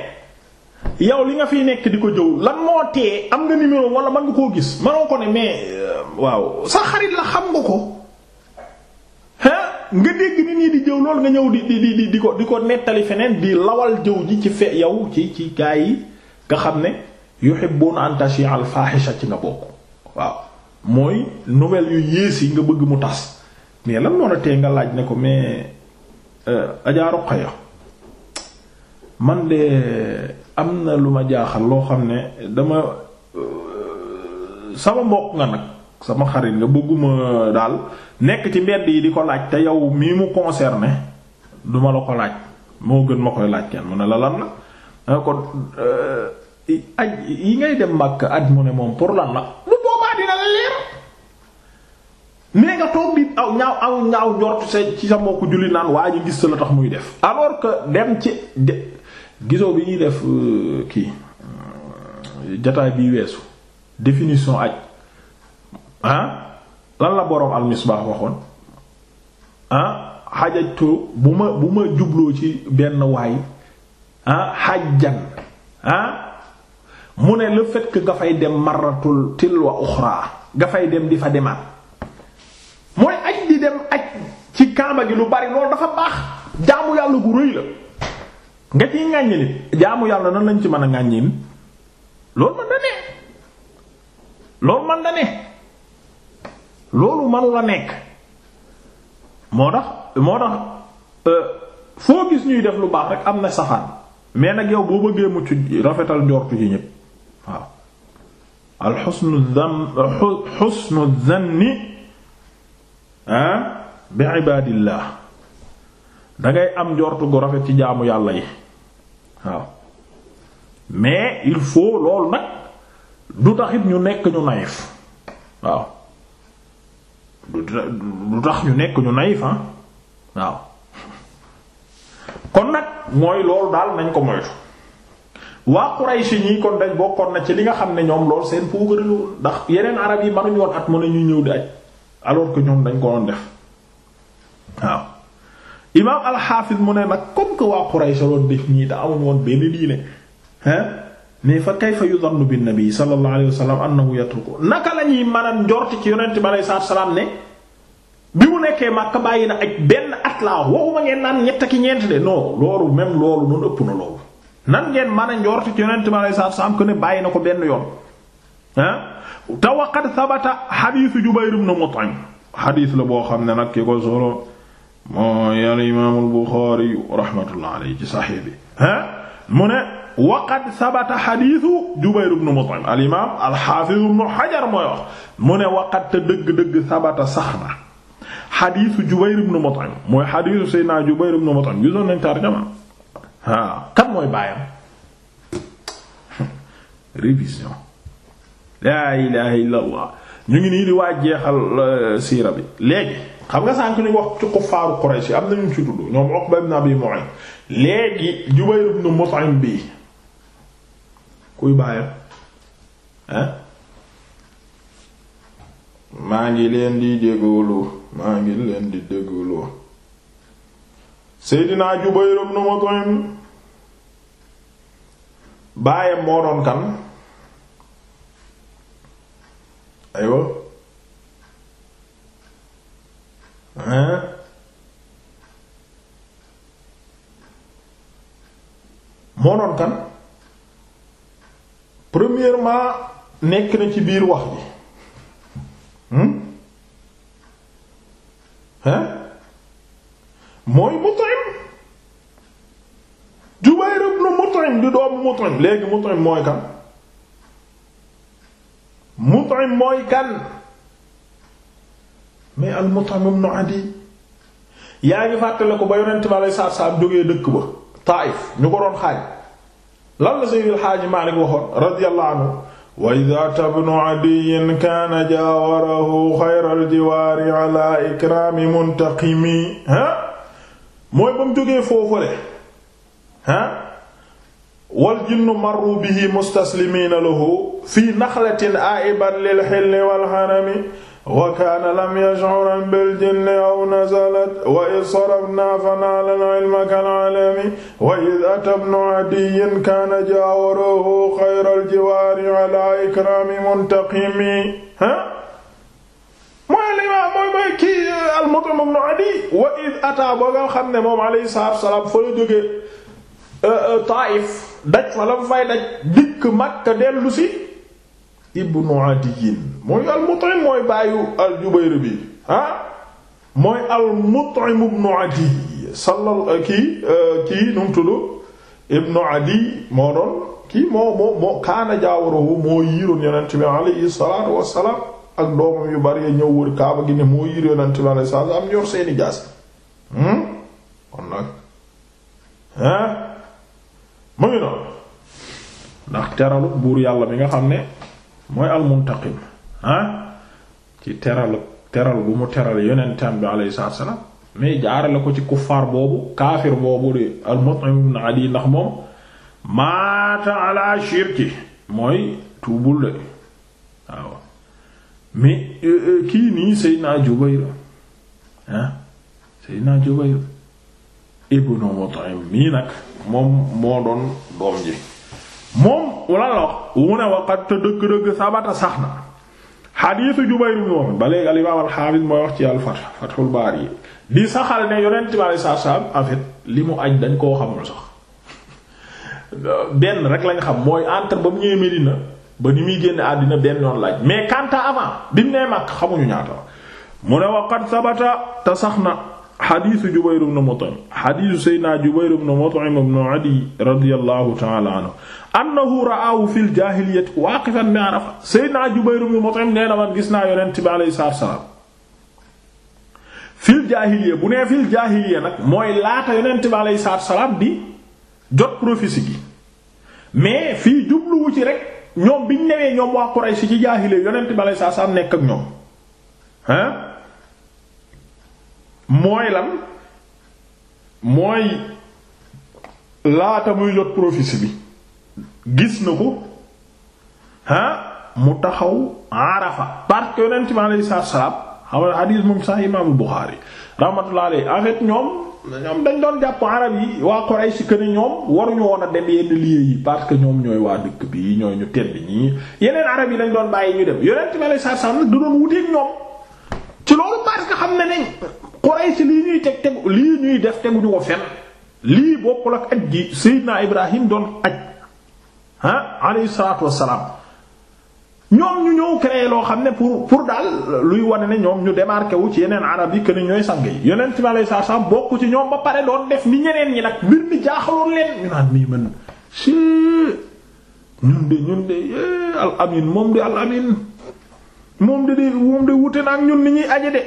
yow li nga fi nekk di ko jëw lan moo tee am nga numéro wala man nga koo gis manoo ko ne mais euh, waaw sa xarit la xam nga ko hein nga dégg nit ñi di jëw loolu nga ñëw di di di di ko di ko nettali feneen di lawal jëw ji ci fe yow ci ci gaa yi nga xam ne yuhibbuna an tashi'a al fahisha ci nga bokk waaw mooy nowel yu yées yi nga bëgg mu tas mais lan moo la tee nga laaj ne ko mais euh, Adja Rokhaya man de am na lu ma jaaxal loo xam ne dama euh, sama mbokk nga nag. sama xarit nga bëgguma daal nekk ci mbedd yi di ko laaj te yow mii mu concerné duma la ko laaj moo gën ma koy laaj kenn mu ne la lan la danga ah, ko euh, aj yi ngay dem màkk aj mu ne moom pour lan la bu boobaa dina la leer mais nga toog di aw ñaaw aw ñaaw njort sa ci sa mbokku julli naan waa ji gis la tax muy def alors que dem ci de gisoo bi ñuy def euh, kii euh, jataay bi weesu définition aj lan la boroom almisbaax waxoon ah bu ma bu ma jubloo ci benn waay ah xajjan mu ne le fait que nga fay dem maratul tilwa uxraa nga fay dem di fa demaat mooy aj di dem aj ci kaaba gi lu bari loolu dafa baax jaamu yàlla gu rëy la nga ciy ŋàññi nit jaamu yàlla nan lañ ci mën a ŋàññin loolu man da ne loolu man da ne loolu man la nekk moo tax moo tax euh, foo gis ñuy def lu baax rek am na safaan mais nag yow boo bëggee mucc rafetal njortu ci ñépp waaw al xusnu dhan xusnu dhanni ah, bi ibaadillah dangay am njortu gu rafet ci jaamu yàlla yi waaw mais il faut loolu nag du taxit ñu nekk ñu naïf waaw du tax ñu nekk ñu naïf ah waaw kon nag mooy lool daal nañ ko moytu waa Quraysh ñii kon dañ bokkoon na ci li nga xam ne ñoom lool seen puugari ndax yeneen arab yi mënuñu woon at mu mën ñu ñëw di aj alors que ñoom dañ ko woon def waaw imaam alxaafis mu ne nag comme que waa Quraysh loon def ñii da amuñ woon benn diine hein mais fa kayfa yuzannu bin nabi sallallahu alayhi wa sallam annahu yatruku naka la ñuy mën a ci yonent bi alayhi salaatu salaam ne bi mu nekkee Makka bàyyi na ak benn at laa waxuma ngeen naan ñett ak ñeent de non loolu même loolu noonu ëpp na loolu. nan ngeen mën a njort ci yonent bi salaam ko ne bàyyi na ko benn yoon ah te waqad sabata xadiisu Jubayr ibn Mut'im xadiis la boo xam ne nag ki ko solo mooy al imaamul Buxaari rahmatullahi alayhi ci Sahih bi mu ne. waqad sabata xadiisu Jubayr ibn Mut'im al imaam al xaafiz mooy wax mu ne waqad te dëgg-dëgg sabata sax na xadiisu Jubayr ibn Mut'im mooy xadiisu Seydina Jubayr ibn Mut'im gisoon nañ tarjama ah kan mooy baayam révision laa ilaaha illallah ñu ngi nii di waa jeexal euh, siira bi léegi xam nga sànk nu wax ci kuffaaru Quraysh am na ci tudd ñoom Uqba ibn Abi Mu'ayt léegi bi kuy baayam hein maa ngi leen di déggoolu maa ngi leen di déggoolu Seydina Jubayr ibn Mut'im baayam moo doon kan aywa hein moo doon kan premièrement nekk na ci biir wax ji hmm hein mooy Mut'im Jubayr ibn di doomu Mut'im léegi Mut'im mooy kan Mut'im mooy kan mais al Mut'im ibn Adi yaa ngi fàttale ko ba yonent bi aleyhi salaatu salaam jógee dëkk ba Taayif ñu ko doon xaaj lan la Seydil Xaaji Maalik waxoon radiyallahu anhu wa idha tabnu adiyin kaana jaawarahu xayral jiwaari ala ikraami muntaqimi ha mooy ba mu jógee foofale ha wal jinnu marru bihi mustaslimiina lahu fi naxlatin aa'iban lil hilli wal harami wa kaana lam yash'ur bil jinni aw nazalat wa idh sarafnaa fana'ala al-'ilma kal-'alami wa idh ataa ibnu 'adiyyin kaana jaawarahu xayral jiwaari 'alaa ikraami muntaqimi mooy li ma mooy mooy kii euh, al-Mut'im ibnu 'Adiy wa idh ataa ba nga xam ne moom alayhi salaatu wa salaam fa la jóge euh, euh, Taayif daj fa la fay daj dikk Makka dellusi ibnu adiyin mooy al mooy bàyyu al bi ah mooy al ibnu adiy sallal eh, kii eh, kii nu mu tudd ibnu adiy moo doon kii moo moo moo kaana jaawaruhu moo yiiroon yonent bi alayhi salaatu wassalaam ak doomam yu bari ya ñëw wër kaaba gi ne moo yiir yonent bi alayhi salaatu am yor seeni jaas hmm? kon nag ah mu ngi noonu ndax teralu buur yàlla mi nga xam ne mooy almuntaqim ah ci teral teral bu mu teral yonentam bi alayhi salaatu salaam mais jaarale ko ci kuffaar boobu kaafir boobu de al-Mut'im ibn Adi ndax moom maata ala mooy tuubul euh, euh, kii nii Seydina Jubayr ah Seydina Jubayr ibnu nag moom moo doon doom ji moom lan la wax mu ne waqat te dëgg-dëgg sabata sax na xadiisu Jubayr ibn Mut'im ba léegi al imaam al xaafis mooy wax ci al mu aj dañ koo xamul rek lañ xam mooy entre ba ba ni génn àddina benn yoon laaj mais quant à avant bi mu nee mag xamuñu ñaata mu na radiyallahu ta'ala anhu annahu ra'ahu fil jaahiliyyati waaqifan bi Arafa Seydina Jubayr ibn Mut'im nee na man gis naa yonent bi alayhi salaam fil jaahiliya bu nee fil jaahiliya nag mooy laata yonent bi alayhi salaam di jot prophétie gi mais fii jubluwu ci rek ñoom biñ newee ñoom waa Quraysh ci jaahiliya yonent bi alayhi salaam nekk ak ñoom ah mooy lan mooy laata muy jot prophétie bi. gis na ko ah mu taxaw arafa parce que yonent bi alayhi salaatu salaam xam nga hadith moom sax imaamu Buxaari rahmatullahi alayhi en fait ñoom ñoom dañ doon jàpp arab yi waa Quraysh que ñoom waruñu woon a dem yenn lieux yi parce que ñoom ñooy waa dëkk bi ñooy ñu tedd ñii yeneen arab yi lañ doon bàyyi ñu dem yonent bi alayhi salaatu salaam nag doon wuteeg ñoom ci loolu parce que xam ne nañ Quraysh lii ñuy teg tegu lii ñuy def teguñu ko fenn lii bokkul ak aj gi Seydina Ibrahim doon aj ah alayhi salaatu wassalaam ñoom ñu ñëw créé loo xam ne pour pour daal luy wane ne ñoom ñu démarqué wu ci yeneen arab yi que ñooy sang yi yeneen ci alayhi salaatu wassalaam bokk ci ñoom ba pare doon def ni ñeneen ñi nag mbir mi jaaxaloon leen ñu naan mii mën si ñun de ñun de al amin moom de al moom de de moom de wute na ñun ni ñuy aje de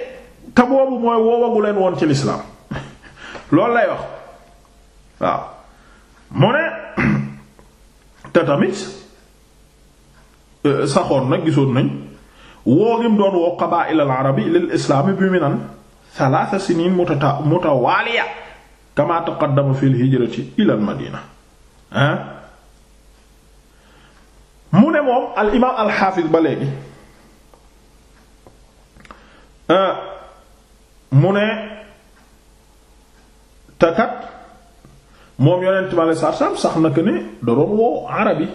te boobu mooy woowagu leen woon ci lislaam loolu lay wax waaw mu ne te tamit e, saxoon nag gisoon nañ woo gim doon woo qabaa'il al arabi lil islaami bi minan salaasa siniin mutata mutawaaliya kama taqaddama fi al hijrati ila al madina ah mu ne moom al imaam al xaafis ba léegi e, mu ne takat moom yonent ma la sarsam sax na ko ne da doon woo arab yi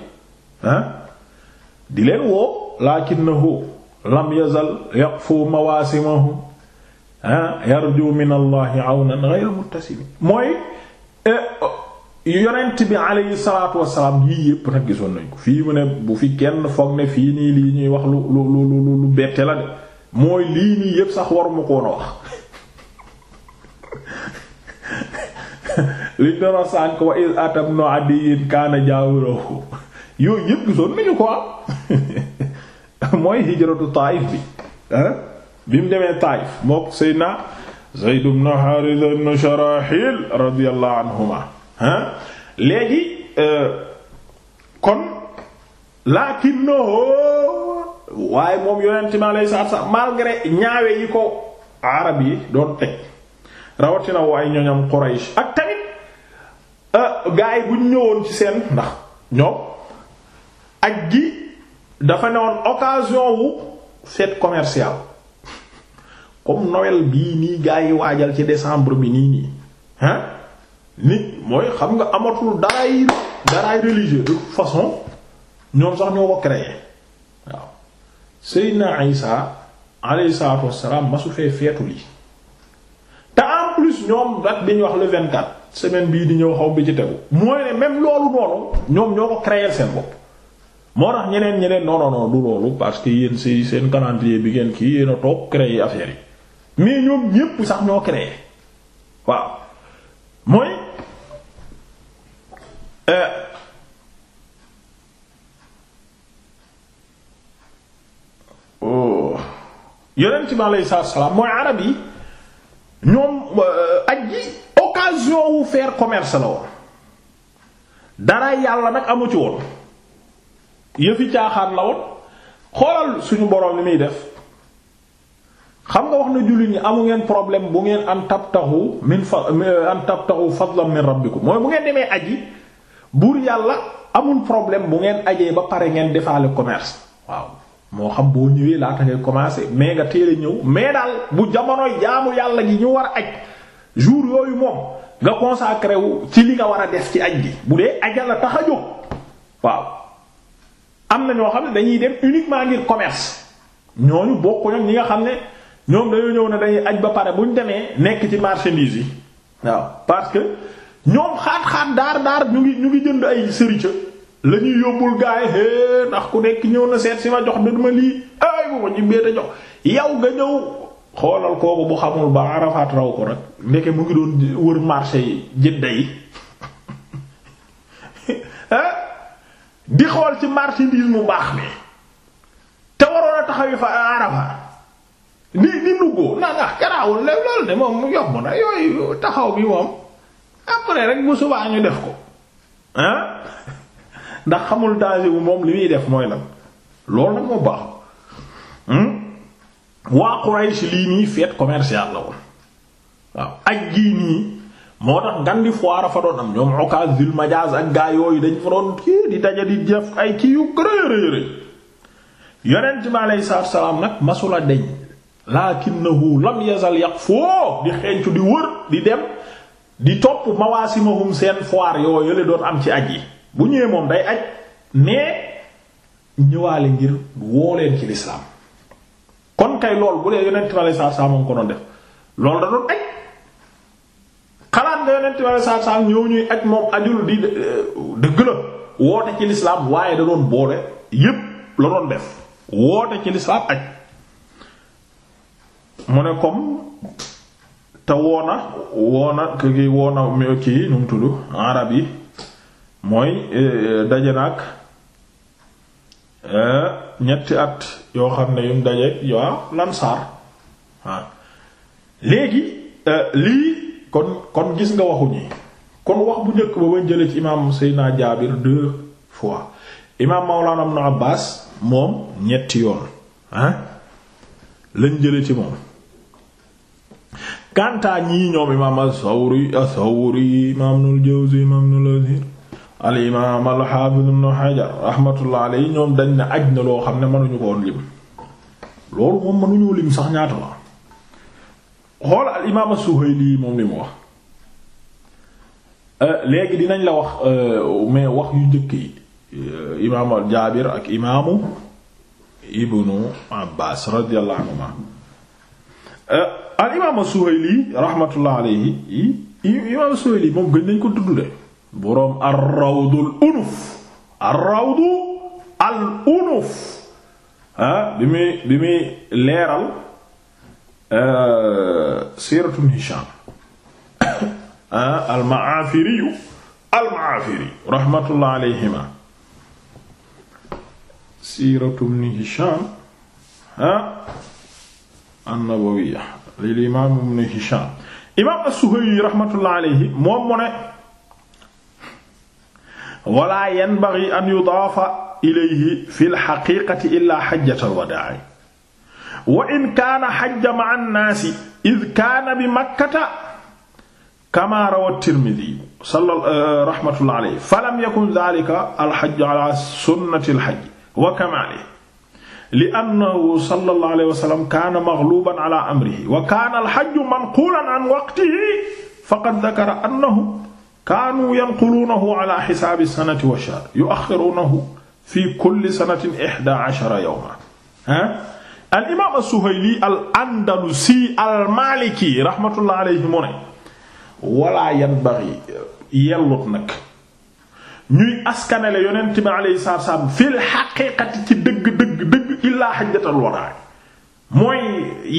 di leen woo lakinnahu lam yazal yaqfu mawaasimahu ah yarju min allahi awnan ghayra muttasim mooy e, yonent bi aleyhi salaatu wasalaam yii yépp nag gisoon nañ ko fii mu ne bu fi kenn foog ne fii nii lii ñuy wax lu lu lu lu bette la de mooy lii nii yépp sax waru ma ko woon wax liñ doon sànk wa iz atam no adiyin kaana jaawirahu yooyu yëpp gisoon nañu ko am mooy hijratu Taayif bi mu demee Taayif mook Seydina Zayd ibn Haarisa ibn Sharaxiil radiyallahu anhuma léegi euh, kon lakinnahu waaye moom yonent mi alayhi salaatu salaam malgré ñaawe yi ko arab yi doon teg rawatina waay ñoñam Quraysh Euh, gaa yi buñ ñëwoon ci seen ndax ñoom ak gi dafa ne woon occasion wu fête commerciale comme Noël bii nii gaa yi waajal ci décembre bi nii nii hein nit mooy xam nga amatul daraay daraay religieux de toute façon ñoom sax ñoo ko créé waaw Seydina Isa alayhi salaatu wassalaam masu fee feetu lii ñoom ak bi ñu wax le 24 semaine bii di ñëw xaw bi ci tegu mooy ne même loolu noonu ñoom ñoo ko créer seen bopp. moo tax ñeneen ñeneen non non du loolu parce que yéen si seen calendrier bi ngeen kii yéen a toog créer affaire yi mais ñoom ñépp sax ñoo créer waaw mooy. Euh, oh, yonent bi alayhi salaam mooy arab yi. ñoom euh, aj ji occasion wu faire commerce la woon dara yàlla nag amu ci woon yëfi caaxaan la woon xoolal suñu boroom li muy def xam nga wax na jullit ñi amu ngeen problème bu ngeen an tabtahu min fa euh, an tabtahu fadlan min rabbikum mooy bu ngeen demee aji buur yàlla amul problème bu ngeen ajee ba pare ngeen defaale commerce waaw moo xam boo ñëwee laata ngay commencer mais nga teel a ñëw mais daal bu jamono jaamu yàlla gi ñu war a aj jour yooyu moom nga consacré wu ci li nga war a def ci aj gi bu dee ajal la tax a jóg waaw am na ñoo xam ne dañuy dem uniquement ngir commerce ñooñu bokkuñ ak ñi nga xam ne ñoom dañoo ñëw na dañuy aj ba pare bu ñu demee nekk ci marchandise yi waaw parce que ñoom xaat xaat daar daar ñu ngi ñu ngi jënd ay sërica la ñuy yóbbul gaay é ndax ku nekk ñëw na seet si ma jox daduma lii ay bu ma ñu mbéeta jox yow nga ñëw xoolal kooku bu xamul ba Arafat raw ko rek ndeke mu ngi doon wër marché yi Jidda yi di xool ci marchandise mu baax mi te waroon a taxawi fa Arafat ni ni nuggoo naa nga garaawul loolu de moom mu yomb na yooyu taxaw bi moom après rek bu subaa ñu def ko ah ndax xamul danger bu moom li muy def mooy lan loolu nag moo baax hmm? waa Quraysh lii nii fête commerciale la woon waaw aj gii nii moo tax ngan di foire fa doon am ñoom Ukaz Zul Majaz ak gaa yooyu dañ fa doon kii di daja di def ay kii yu gërërëërë yonent bi aleyhi salaatu salaam nag masula deñ lakinnahu lam yazal yaqfoo di xencu di wër di dem di topp mawaasimahum seen foire yooyu yële doon am ci aj yi bu ñëwee moom day aj mais ñëwaale ngir woo leen ci lislaam kon kay lool bu dee yonent bi alayhi salaam moom ko doon def loolu da doon ñëw ñuy aj moom ajul di euh, dëgg la woote ci lislaam waaye da doon boole yépp la doon def woote ci lislaam aj mu ne comme te woona woona kii woona kii nu mu tudd arab yi mooy e, e, daje na e, ñetti at yoo xam ne yum daje a lansaar waaw léegi lii kon kon gis nga waxu kon wax bu njëkk ba ba jële ci imaam Seydina Jaabir deux fois imaam Mawlana Ibn Abbaas moom ñetti yoon ah lañ jële ci moom kantaa ñii ñoom imaam as-Sawri as-Sawri imaam Ibnul Jawzi imaam Ibnul Azhir al imaam al xaafid ibnu Hajar rahmatullah alayhi ñoom dañ ne aj na loo xam ne mënuñu ko woon lim loolu moom mënuñoo lim sax ñaata la xool al imaam moom li mu euh, dinañ la wax euh, mais wax yu njëkk yi euh, ak imaamu ibnu Abbaas radiyallahu anhuma al imaam as-Suhayli imaam as-Suhayli moom gën nañ ko tudd de boroom ar-rawdul unuf ar-rawdu al unuf ah bi muy bi muy leeral euh, siiratu Hisham al-Ma'afiri al-Ma'afiri rahmatullah alayhima siiratu Hisham an-Nawawiyya lil imaam ibn Hisham imaam as-Suhayli rahmatullah alayhi moom mu ne wala yanbaghi an yudaafa ilayhi fi alxaqiqati illa xajjat alwadaa wa in kaana xajja ma'a annaasi id kaana bi makkata kama rawa tirmidi eh, eh, rahmatullahi alayhi falam yakun dhalika alxajju ala sunnati alxajji wa kamaalihi li annahu sallallahu alayhi wa sallam kaana maghluban ala amrihi wa kaana alxajju manquulan an waqtihi faqad dhakara annahu kaanu yanquluunahu ala xisaabi sanati wa shahr yu'axxiruunahu fi kulli sanatin ihdaa ashara yawman al imaam as-Suhayli al andalusi al maliki rahmatullah aleyhi mu ne wala yanbaghi yellut nag ñuy askanele yonent bi aleyhi salaatu salaam fil xaqiiqati ci dëgg dëgg dëgg illaa xajjatal wadaa mooy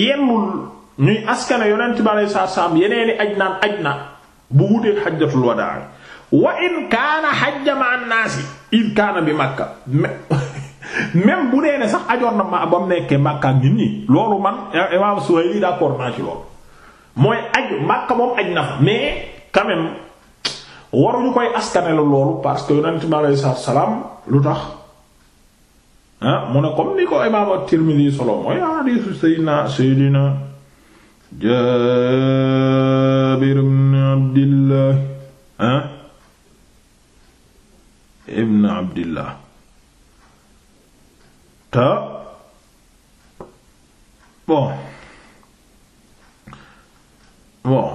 yellul ñuy askane yonent bi aleyhi salaatu salaam yeneeni aj naan aj na bu wuteeg xajjatul wadaa wa in kaana xajja ma naasi in kaana bi makka même bu dee ne sax ajoon na ba mu nekkee makka ak nii loolu man eh, imam Suhayli d'accord naa ci loolu mooy aj makka moom aj na fa mais quand waruñu koy askanelu loolu parce que yonent bi alayhi salaatu salaam lu tax mu ne comme ni ko imam at-Tirmidhi solo mooy hadiisu Seydina Seydina Jaabir abdillah ibn abdillah ta bon bon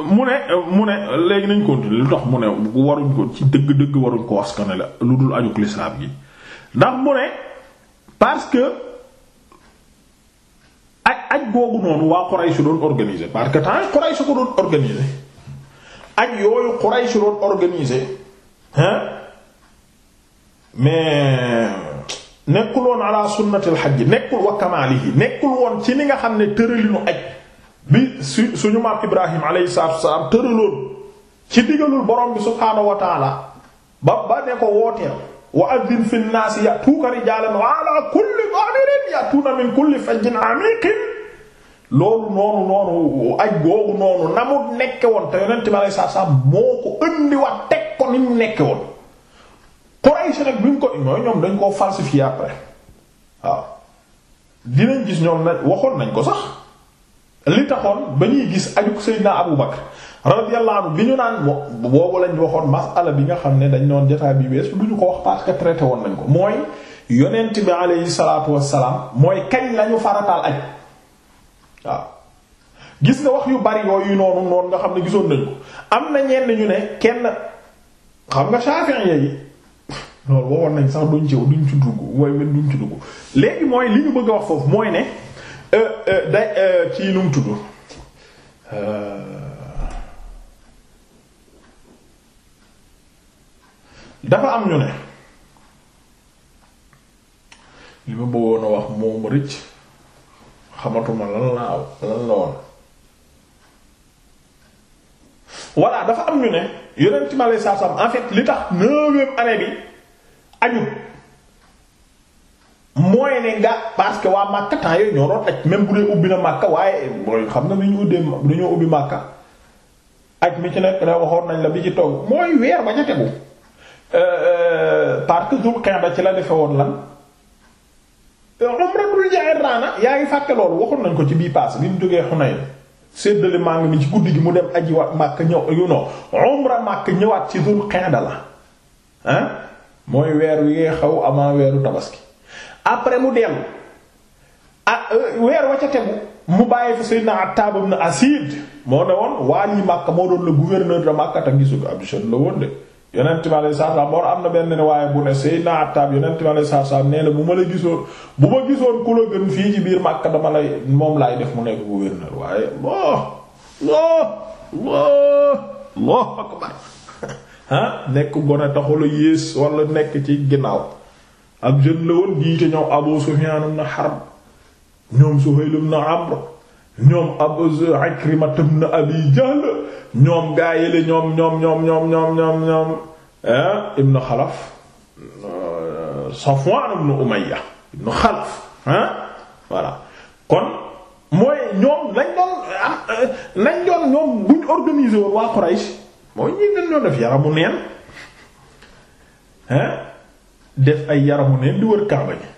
mu ne mu ne léegi nañ continuer lu tax mu ne waruñ ko ci dëgg-dëgg waruñ ko waskane lu dul ajug lislaam gi ndax mu ne parce que aj aj googu noonu waa Quraysh doon organiser parce que temps Quraysh ko doon organiser ak yooyu Quraysh doon organisé hein mais nekkul woon ala sunnatil hajj nekkul wa kamaalihi nekkul woon ci ni nga xam ne tëralinu aj bi su suñu maam Ibrahim alayhi salaatu wa salaam tëraloon ci digalul borom bi subhaanahu wa taala ba ba ne ko wooteel wa adin fi nnaasi ya'tuuka rijaalan wa ala kulli dhaamirin ya'tuuna min kulli fajjin 'amiiqin loolu noonu noonu aj googu noonu na mu nekke woon te yonent bi aleyhi salaatu salaam moo ko indi teg ko ni mu nekke woon Quraysh nag duñ ko mooy ñoom dañ koo falsifier après waaw dinañ gis ñoom na waxoon nañ ko sax li taxoon ba ñuy gis ajuk Seydina Abu Bakr radiyallahu anhu bi ñu naan boobu lañ waxoon masala bi nga xam ne dañ noon jotaay bi weesu du ñu ko wax parce que woon nañ ko mooy yonent bi aleyhi salaatu wassalaam mooy kañ lañu farataal aj waaw gis nga wax yu bari yooyu noonu noonu nga xam ne gisoo nañ am na ñenn ñu ne kenn xam nga Shafi'iyya yi loolu wowoon nañ sax duñ ci duñ ci dugg wooy duñ ci dugg léegi mooy li ñu bëgg a wax foofu mooy ne euh, euh, day euh, ci nu dafa am ñu ne li ma bëggoon wax moom rëcc xamatuma lan la lan la woon voilà dafa am ñu ne yonent mi alayhi salaam en fait li tax neuvième année bi aju mooy ne nga parce que waa Makka temps yooyu ñoo doon aj même bu dee ubbi na Makka waaye xam ne bi ñu uddee dañoo ubbi Makka aj mi ci nekk ne waxoon nañ la bi ci toog mooy weer ba ca tegu euh, euh, parce que Dul Qa'da ci la defe woon lan euh, Ji'irraana yaa ngi fàtte loolu waxoon nañ ko ci biir paas bi mu jógee Hunayn maa màng mi ci guddi gi mu dem aji wa Makka ñëw yu no umra Makka ñëwaat ci Dul Qa'da la ah mooy weer wi xaw avant weeru tabaski après mu dellu a ah, euh, weer wa ca tegu mu bàyyi fi Sayyidina Attab ibn Asid moo ne woon waa lii Makka moo doon la gouverneur de Makka te gisul ab la woon de. yonent bi alayhi salaam war am na benn ne waaye bu ne Seydina Attaab yonent bi alayhi salaam nee na bu ma la gisoon bu ma gisoon ku la gën fii ci biir Makka dama lay moom laay def mu nekk gouverneur waaye Allah Allah nekk gone taxula yées walla nekk ci ginnaaw ak jeune la woon jiite ñoom su Sufyaan ibn Harb ñoom Suhayl ibn Amr ñoom Abu Ikrima ibn Abi Jahl ñoom gaa yële ñoom ñoom ñoom ñoom ñoom ñoom ñoom ibn Xalaf Safwan ibn Umayya ibn Xalaf ah voilà kon mooy ñoom lañ doon lañ doon ñoom buñ organisé woon waa Quraysh mooy ñi dañ doon def yaramu neen def ay yaramu neen di wër Kaaba ji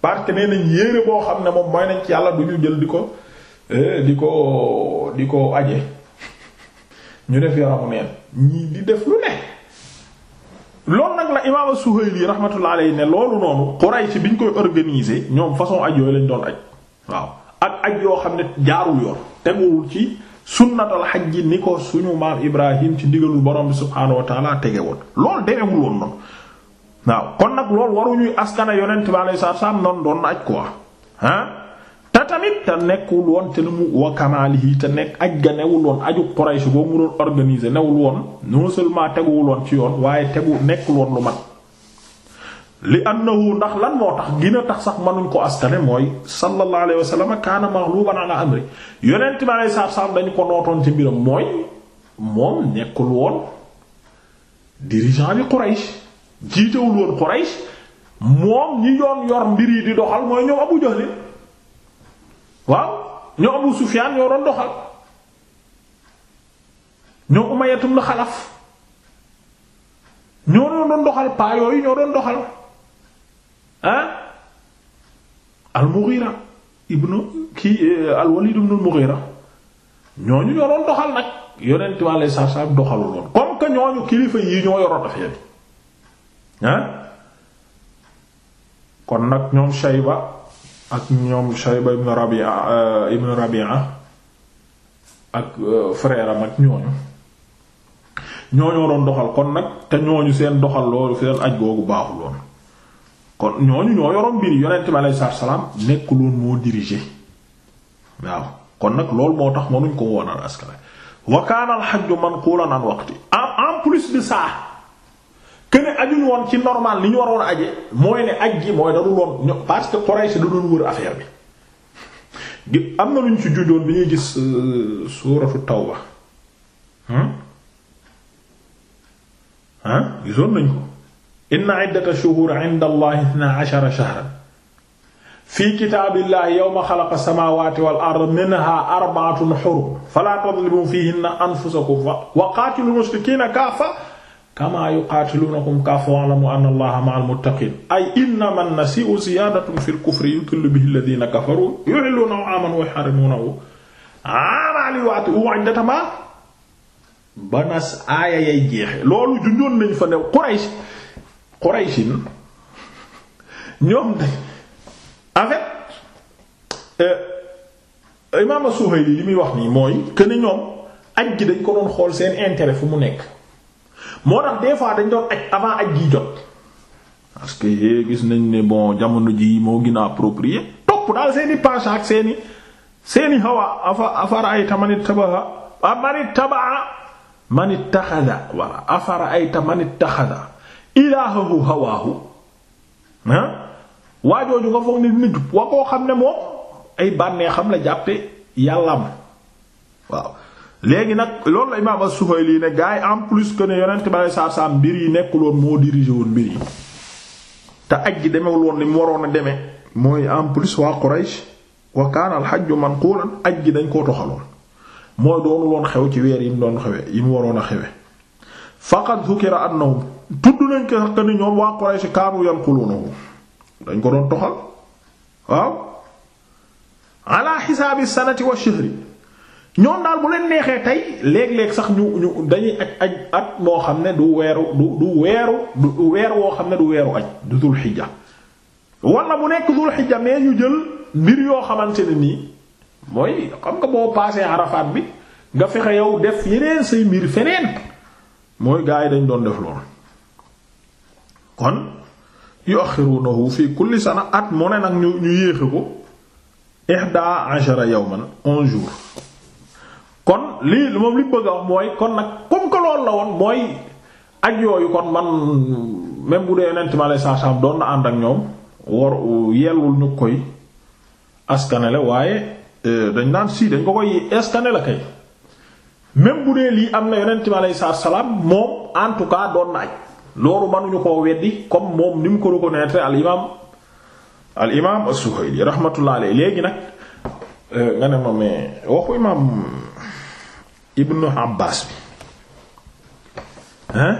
parce que nee nañ boo xam ne moom mooy nañ ci yàlla du ñu jël di ko Eh, di ko di ko aje ñu def yaramu neen ñii di def lu ne loolu nag la imaam as-Suhayli rahmatullah alayhi ne loolu noonu Quraysh biñ koy organiser ñoom façon aj yooyu lañ doon aj waaw ak aj yoo xam ne jaarul yoon teguwul ci sunnatal xaj ni ko suñu maam Ibrahim ci ndigalul borom bi subhaanahu wa taala tege woon loolu demewul woon noonu waaw kon nag loolu waruñuy askana yonent bi alayhi salaam noonu doon aj quoi ah te tamit te nekkul woon te nu mu wa kamaalihi te nekk aj ga newul aju Quraysh boobu mu doon organiser newul woon non seulement teguwul ci yoon waaye tegu nekkul woon lu mat li annahu ndax lan moo tax gën tax sax mënuñ ko astane mooy sallallahu alayhi wa sallam kaana maghluban ala amri yonent bi alayhi salaatu salaam dañu ko nootoon ci mbiram mooy moom nekkul woon dirigeant bi Quraysh jiitewul woon Quraysh moom ñi yoon yor mbir yi di doxal mooy ñoom waaw ñoo Abu Sufyaan ñoo doon doxal ñoo umayatum la xalaf ñoo doon doxal paa yooyu ñoo doon doxal ah al-Mughira ibnu kii eh, al-Walid ibnu al-Mughira ñoo doon doxal nag yonent bi alayhi salaatu doxalu loon comme que ñooñu kilifa yi ñoo yoroon affaire bi ah kon nag ñoom Shayba ak ñoom Shayba ibn Rabi'a euh, ibn Rabi'a ak euh, frère am ak ñooñu ñooñoo doon doxal kon nag te ñooñu seen doxal loolu seen aj googu baaxul woon kon ñooñu ñoo yoroon mbir yonent bi alayhi salaatu salaam nekkuloon moo dirigé waaw kon nag loolu moo tax mënuñ ko woonal askan wa kaana al hajju manqulan an waqti en plus de ça kene ajul woon ci normal li ñu waroon a aje mooy ne aj gi mooy darul woon parce que Quraysh da doon wër affaire bi am na lu ñu ci jujoon bi ñuy gis euh, suuratu tawba ah gisoon nañ ko inna iddata shuhur inda allahi ithnaa ashara shahran fi kitaabillahi yawma xalaqa samaawaati wal ard minha arba'atun hurum falaa tadlimu fiihinna anfusakum wa qaatilu mushrikiina kaafa kamaa yuqaatiluunakum kaaffatan wa'lamu anna allaha ma'al muttaqiin ay innama an-nasii'u ziyaadatun fil kufri yudillu bihi alladhiina kafaruu yuhilluunahu 'aaman wa yuharrimuunahu 'aaman liwaati'uu 'iddatamaa ba nas aaya yay jeexe loolu junjoon nañ fa ne Quraysh Qurayshin ñoom en fait euh, imaam Suhayli li muy wax nii mooy que ne ñoom aj dañ ko doon xool seen intérêt fu mu nekk. moo tax des fois dañ doon aj avant aj gi jot parce que gis nañ ne bon jamono ji moo gën a approprié topp daal seeni penchants ak seeni seeni hawa afa afara'ayta man ittabaha man ittabaha man ittakhadha hawaahu ah waajooju nga foog ne dina jub wa koo xam ne moom ay bànnee xam la jàppe yàlla ma waaw léegi nag loolu la imaam as-Sufayli ne gars yi en plus que ne yonent ba saa saa mbir yi nekkul moo dirigé woon mbir yi te aj gi demewul woon ni mu waroon a demee mooy en plus waa Quraysh wa kaana al-hajju manqulan aj gi dañ koo toxaloon mooy doonul xew ci weer yi mu doon xewe yi mu waroon a xewe faqad dhukira annahum tudd nañ ko sax ni ñoom waa Quraysh kaanu yanqulunahu dañ ko doon toxal waaw ala hisaabi sanati wa shahri ñoom daal bu leen neexee tey léeg-léeg sax ñu ñu dañuy aj aj at moo xam ne du weeru du weeru du weer woo xam ne du weeru aj du dul xijja wala bu nekk dul xijja mais ñu jël mbir yoo xamante ne nii mooy xam nga boo paasee arafaat bi nga fexe yow def yeneen say mbir feneen mooy gaa yi dañ doon def loolu kon yu axirunahu fi kulli sana at mu ne nag ñu ñu yéexe ko ihda ashara yawman 11 kon lii moom li bëgg a mooy kon nag comme que loolu la woon mooy aj yooyu kon man même bu dee yonent ma lay saasam doon na ànd ak ñoom war yellul ñu koy askanele waaye euh, dañ naan si dañ ko koy askanele kay même bu dee lii am na yonent ma lay salaam moom en tout cas doon na aj loolu mënuñu koo weddi comme moom ni mu ko reconnaître al imam al imam as-Suhayli rahmatullah alayhi léegi nag euh, nga ne ma mais waxu imam ibnu Abbas bi hein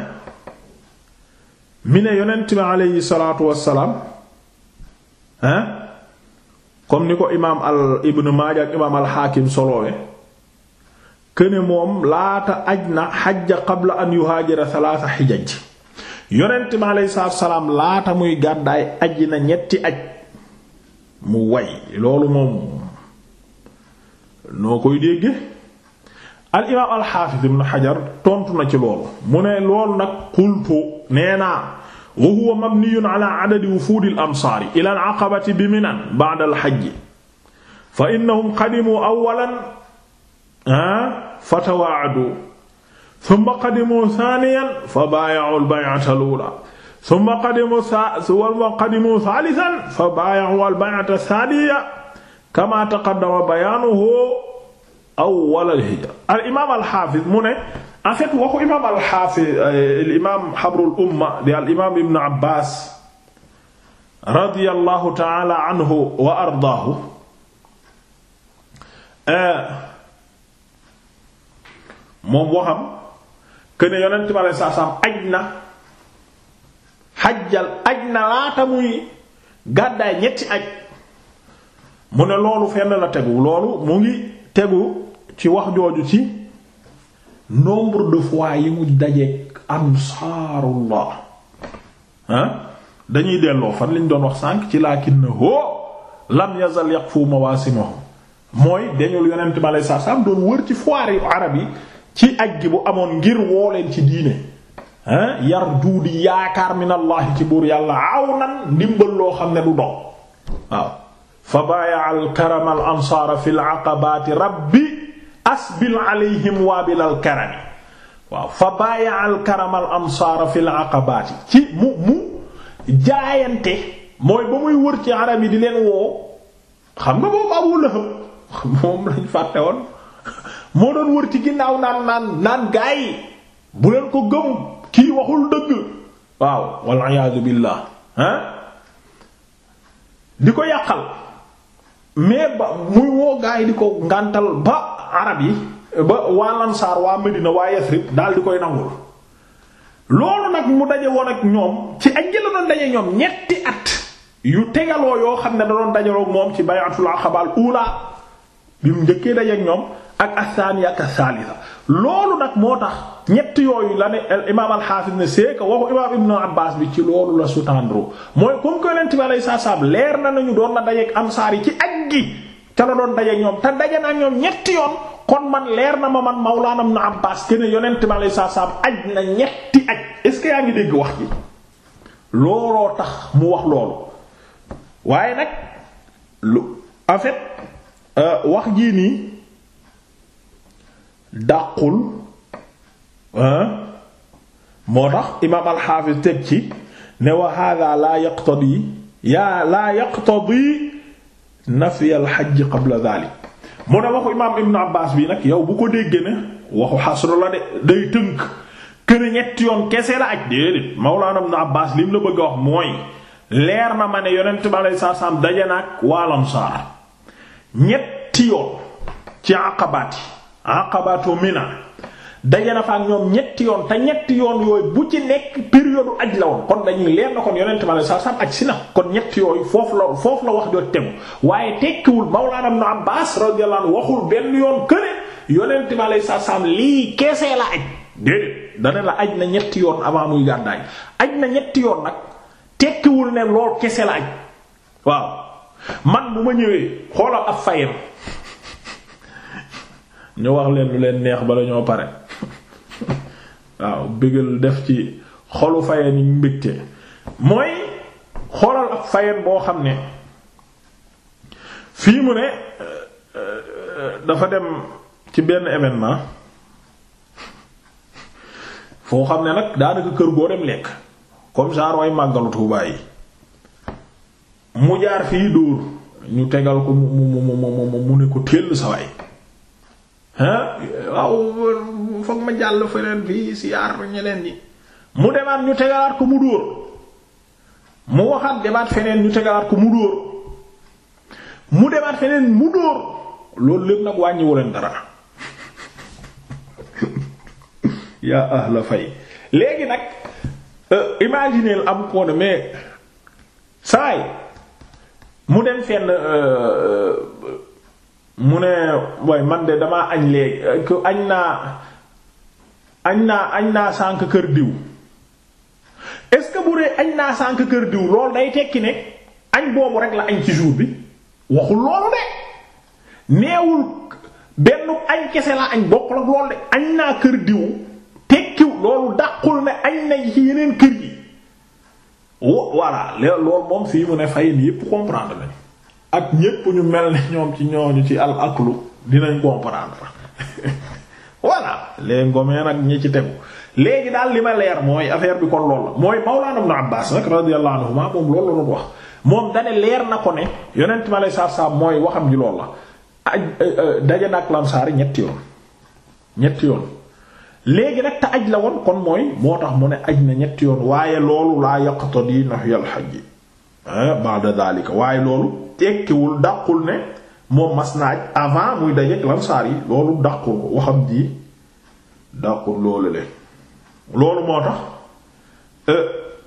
mi ne yonent bi aleyhi salaatu wassalaam hein comme ni ko imaam al ibnu Maaja imaam al Haakim soloowe këne moom laata aj na xajja qabla an yuhaajira salaasa xijaj yonent bi aleyhi salaatu laata muy gàddaay aj na ñetti aj mu way loolu moom noo koy dégge al imaam al xaafis ibn xajar tontu na ci loolu mu ne loolu nag qultu nee naa wa huwa mabniyun ala adadi wufuudi al ansaari ila al aqabati bi minan ba'da al xajji fa innahum qadimu awwalan fa tawaa'adu thumma qadimu thaniyan fa baaya'u al bay'ata al uulaa thumma qadimu thalithan fa baaya'u al bay'ata ath-thaaniya kamaa taqaddama bayaanuhu awwal al-hijra al imaam al-Hafiz mu ne en waxu imaam al-Hafiz al euh, imaam habrul umma di al imaam Ibn Abbas radiyallahu ta'ala anhu wa ardaahu euh, moom waxam këne yonent bi aleyhi salaam aj na laata muy gàddaay ñetti aj mu ne loolu fenn la tegu loolu mu ngi tegu ci wax jooju ci nombre de fois yi mu dajeek ansaarullah ah dañuy delloo fan liñ doon wax sànq ci laakinna hoo lam yazal yaqfu mawasimahum mooy dañul yonent bi aleyhi salaatu salaam doon wër ci foire yu arab yi ci ajj bu amoon ngir woo leen ci diine yar juudi yaakaar minallahi ci buur yàlla aw ndimbal loo xam ne du dox waaw fa baayaa al karama al aqabaati rabbi asbil alayhim waabilal karami waaw fa bàyya al karamal ansaara fil aqabaati ci mu mu jaayante mooy ba muy wër ci arab yi di leen woo xam nga boobu Abu Lahab moom lañ fàtte woon moo doon wër ci ginnaaw naan naan naan gaa yi bu leen ko gëm kii waxul dëgg waaw wal iyaadu billaah ah di ko yàqal mais ba muy woo gaa yi di ko ngàntal ba arab yi ba waa lansaar waa Medina waa Yasrib daal di koy nangul loolu nag mu daje woon ak ñoom ci ajj la doon daje ñoom ñetti at yu tegaloo yoo xam ne da doon dajaloo moom ci bay'atul aqabal ula bi mu njëkkee daje ak ñoom ak as ak as loolu nag moo tax ñett yooyu la ne imaam al-Hafiz ne seeka waxu imaam Ibn Abbas bi ci loolu la sutandro mooy comme que Yonent bi alayhi salaam leer na nañu doon na dajeek ansaar yi ci ak gi ca la doon daje ñoom te daje naa ñoom ñetti yoon kon man leer na ma man na am Abbaas kenn yonent ma lay saa saam aj na ñetti aj est-ce que yaa ngi dégg wax ji looloo tax mu wax loolu waaye nag lu en euh, wax jii nii dàqul moo tax imaam alxaafis teg ci ne wa hada laa yaqtadi yaa laa yaqtadi nafiyal xajj qabla daalik mu ne waxu imaam ibnu Abbaas bi nag yow bu ko dégg ne waxu xasro la de day tënk kër ñetti yoon kese la aj déedéet Mawlaana ibnu Abbaas lim la bëgg a wax mooy leer na ma ne yonent bi alayhi salaam daje na ak waa Ansaar ñetti yoon ci aqabaat yi aqabaatu Mina daje na fa ak ñoom ñetti yoon te ñetti yoon yooyu bu ci nekk période aj la woon kon dañuy leer na kon yonent ma la sa sam aj si na kon ñetti yooyu foofu la foofu la wax jot tegu waaye tekkiwul Mawlana na am radiyallahu anhu waxul benn yoon këne yonent ma lay sa lii kese la aj déedéet dana la aj na ñetti yoon avant muy gàddaay aj na ñetti yoon nag tekkiwul ne lool kese la aj waaw man bu ma ñëwee xoolal ab fayam ñu wax leen lu leen neex bala ñoo pare waaw bégal def ci xolu fayeen yi mbégte mooy xoolal fayeen boo xam ne fii mu ne dafa dem ci benn événement foo xam ne nag daanaka kër goo dem lekk comme genre màggalu Tuubaa yi mu jaar fii dóor ñu tegal ko mu mu mu mu mu ne ko téll sa waay hein waaw moom foog ma jàll feneen fii siyaar ñeneen ñi mu demaat ñu tegalaat ko mu dóor mu waxaat demaat feneen ñu tegalaat ko mu dóor mu demaat feneen mu dóor loolu lépp nag wàññiwu leen dara yaa ahla fay léegi nag euh, imagineel am ko ne mais saay mu dem fenn euh, mu ne waaye man de damaa añ léegi euh, añ naa añ naa añ naa sànq kër diw est-ce que bu añ naa sànq kër diw loolu day tekki ne añ boobu rek la añ ci jour bi waxul loolu de neewul benn añ kese la añ bokkul ak loolu de añ naa kër diw tekkiw loolu dàqul ne añ na ci yeneen kër yi voilà loolu moom fii mu ne fay ni yépp comprendre nañ ak ñépp ñu mel ne ñoom ci ñooñu ci al aklu dinañ comprendre voilà les ngomee nag ñi ci tegu léegi daal li ma leer mooy affaire bi kon lool la mooy Mawlana Ibn Abbas nag radiyallahu anhuma moom loolu la doon wax moom dane leer na ko ne yonent ma lay saab-saab mooy waxam ji lool la aj daje nag lansaari ñetti yoon ñetti yoon léegi nag te aj la woon kon mooy moo tax mu ne aj na ñetti yoon waaye loolu laa yaqtadi nahyal hajj ah, ba'da dhalika waaye loolu tekkiwul dàqul ne moom mas naaj avant muy dajeek lansaar yi loolu dàqul ko waxam ji dàqul loolu le loolu moo tax euh,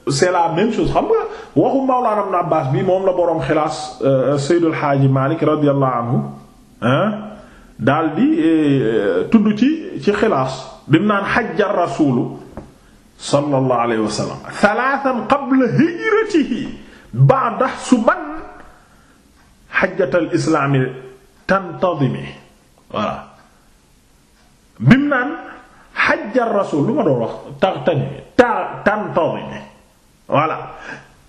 c'est la même chose xam nga waxu Mawlana Ibn Abbas bi moom la boroom xilaas euh, Seydul Xaaji Malik radiyallahu anhu daal di euh, tudd ci ci xilaas bi mu naan xajja rasulu sallallahu alayhi wa sallam thalathan qabla hijratihi xajjatal islaami tantadimi voilà bim naan xajjal rasul lu ma doon wax tantadimi tantadimi voilà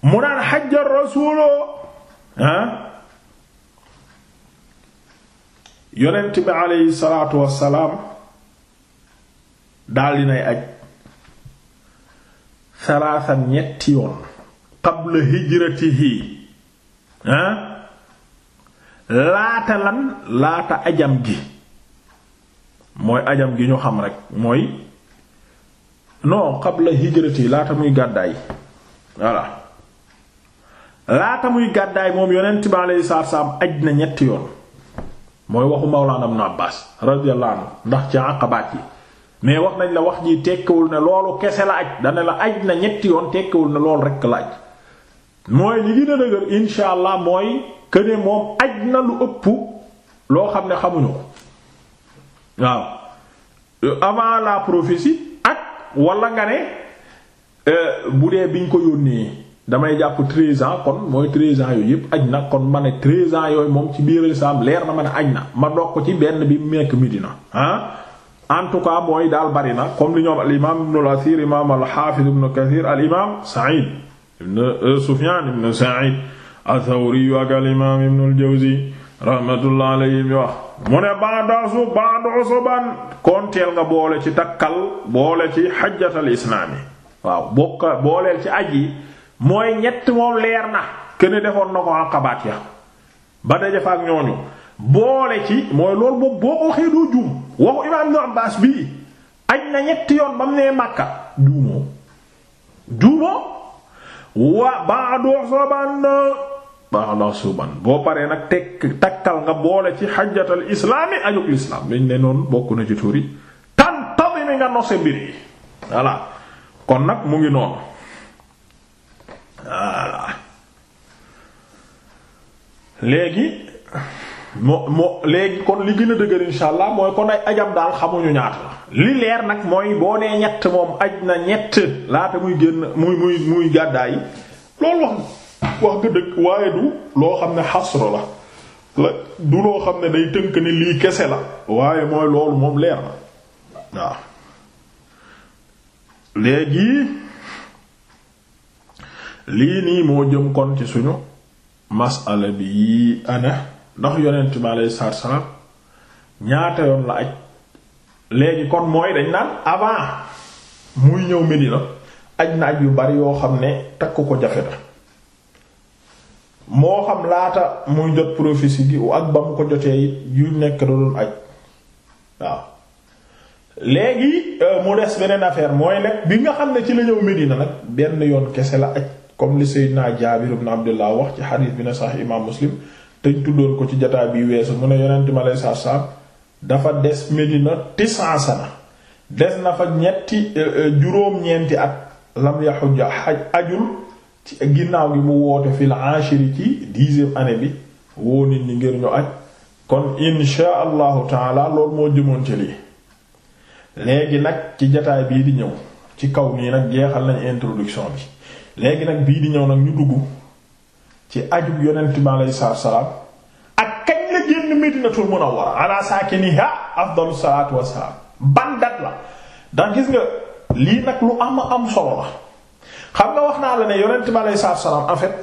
mu naan xajjal rasuloo ah yonent bi aleyhi salaatu wassalaam daal dinay aj salaasan ñetti yoon qabla hijratihi ah laata lan laata ajam gi mooy ajam gi ñu xam rek mooy noo non qabla hijrati laata muy gàddaay voilà laata muy gàddaay moom yonent bi alayhi salaatu salaam aj na ñetti yoon mooy waxu Mawlaana Ibn Abbaas radiyallahu anhu ndax ci àqabaat yi mais wax nañ la wax ji tekkiwul ne loolu kese la aj dana la aj na ñetti yoon tekkiwul ne loolu rekk la aj mooy li gën a dëgër insha allah mooy que ne moom aj na lu ëpp loo xam ne xamuñu ko waaw avant la prophétie ak wala nga ne euh, bu dee biñ ko yónnee damay jàpp treize ans kon mooy treize ans yooyu yëpp aj na kon ma ne treize ans yooyu moom ci biir lislaam leer na ma ne aj na ma dox ko ci benn bi mekk nekk Medina ah. en tout cas mooy daal bari na comme li ñoom al imaam ibn al-Athir imaam al Kathir al imaam ibn euh, Sufyaan ibn Sa'iid ath-Thawri ak al-imaam ibn al-Jawzi rahmatullah alayhim mu ne baadaasu baadooso ban konteel nga boole ci takkal boole ci xajjatal islaami waaw bokka booleel ci aj yi mooy ñett moom leer na kenn defoon na ko àqabaat ya ba dajafa ak ñooñu boole ci mooy loolu boobu boo ko waxee doo juum waxu imaam Ibn Abbaas bii aj na ñetti yoon ba mu nee Makka juumoo juumoo wa ba'du suban ba'du suban boo paree nag tekk takkal nga boole ci xajjatal islaami ajug lislaam lañ ne noonu bokku na ci tuur yi tantami mi nga nose mbir yi voilà kon nag mu ngi noonu voilà léegi moo moo léegi kon li gën a dëgër insha allah mooy kon ay ajam daal xamuñu ñaata la li leer nag mooy boo nee ñett moom aj na ñett laata muy génn muy muy muy gàddaay yi loolu wax xam ne xasro la la du loo xam ne day tënk ni lii kese la waaye mooy loolu moom leer na waaw léegi lii nii moo jëm kon ci suñu masala bi ana ndax yonent bi alayhi salaatu salaam ñaata yoon la aj léegi kon mooy dañ naan avant muy ñëw Medina aj na aj yu bari yoo xam ne takk ko jafe moo xam laata muy jot prophétie gi ak ba mu ko jotee it yu nekk da doon aj waaw léegi euh, mu des beneen affaire mooy nag bi nga xam ne ci la ñëw Medina nag benn yoon kese la aj comme li Seydina Jaabir ibn Abdullah wax ci xadiis bi na sax imaam Muslim teñ tuddoon ko ci jataay bi weesu mu ne yonent mi aleyhi salaatu salaam dafa des Medina tisan sana des na fa ñetti euh, euh, juróom-ñeenti at lam yaxuj xaj ajul ci ginnaaw gi mu woote fil ashiri ci dixième année bi woo nit ñi ngir ñu aj kon insha allahu taala loolu moo jëmoon ci léegi nag ci jataay bii di ñëw ci kaw nii nag jeexal nañ introduction bi léegi nag bii di ñëw nag ñu dugg ci ajub yonent bi aleyhi salaatu salaam ak kañ la génn Medinatul Munawwara ala saakiniha afdalu salaatu wassalaam ban dat la ndax gis nga lii nag lu am am solo la xam nga wax naa la ne yonent bi aleyhi salaam en fait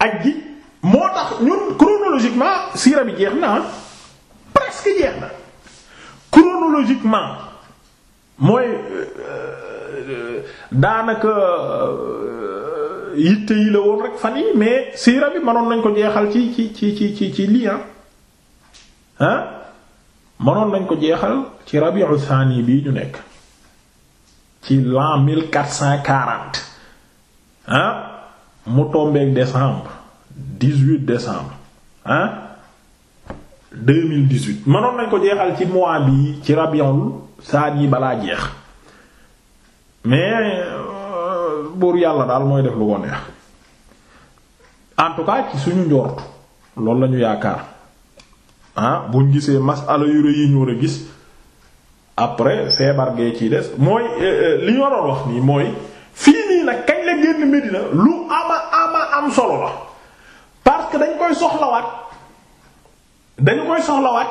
aj ji moo tax ñun chronologiquement siira bi jeex na ah, presque jeex na chronologiquement mooy euh, euh, daanaka. Euh, yitte yi la woon rek fan yi mais siira bi mënoon nañ ko jeexal ci ci ci ci ci ci lii ah mënoon nañ ko jeexal ci rabiu thani bii ñu nekk ci l'an 1440 ah mu tombeek décembre 18 décembre ah 2018 mënoon nañ ko jeexal ci mois bii ci rabiul thani balaa jeex mais buur yàlla daal mooy def lu ko neex tout cas ci suñu njort loolu lañu yaakaar ah buñ gisee masala yu rëy yi ñu war a gis après feebar gee ciy des mooy euh, euh, li ñu waroon wax nii mooy fii nii nag kañ la génn Medina lu ama ama am solo la parce que dañ koy soxlawaat dañu koy soxlawaat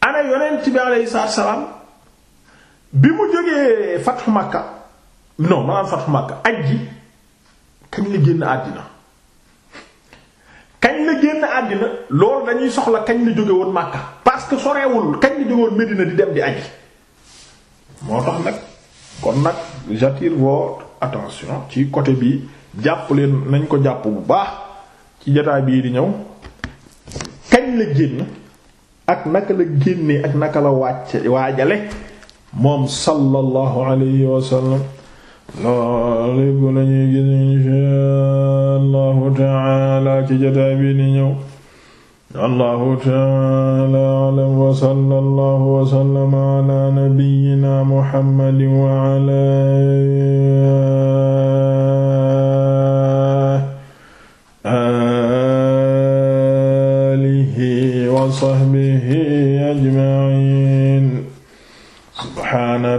ana yonent bi alayhi salaam bi mu jógee fathu Makka non maanaam fatxu Makka aj ji kañ la génn àddina kañ la génn àddina loolu dañuy soxla kañ la jóge woon Makka parce que soreewul kañ la jóge woon Medina di dem di aji moo tax nag kon nag j'attire votre attention ci côté bi jàpp leen nañ ko jàpp bu baax ci jotaay bii di ñëw kañ la génn ak naka la génnee ak naka la wàcc waajale moom sallallahu alayhi wa loolu lépp lañuy gis inshaa allahu taala ci jotaay bi ni ñëw allahu taala alam wa sallallahu wa sallama ala nabiyyina muhammadin wa ala alihi wa sahbihi ajma'in subhaana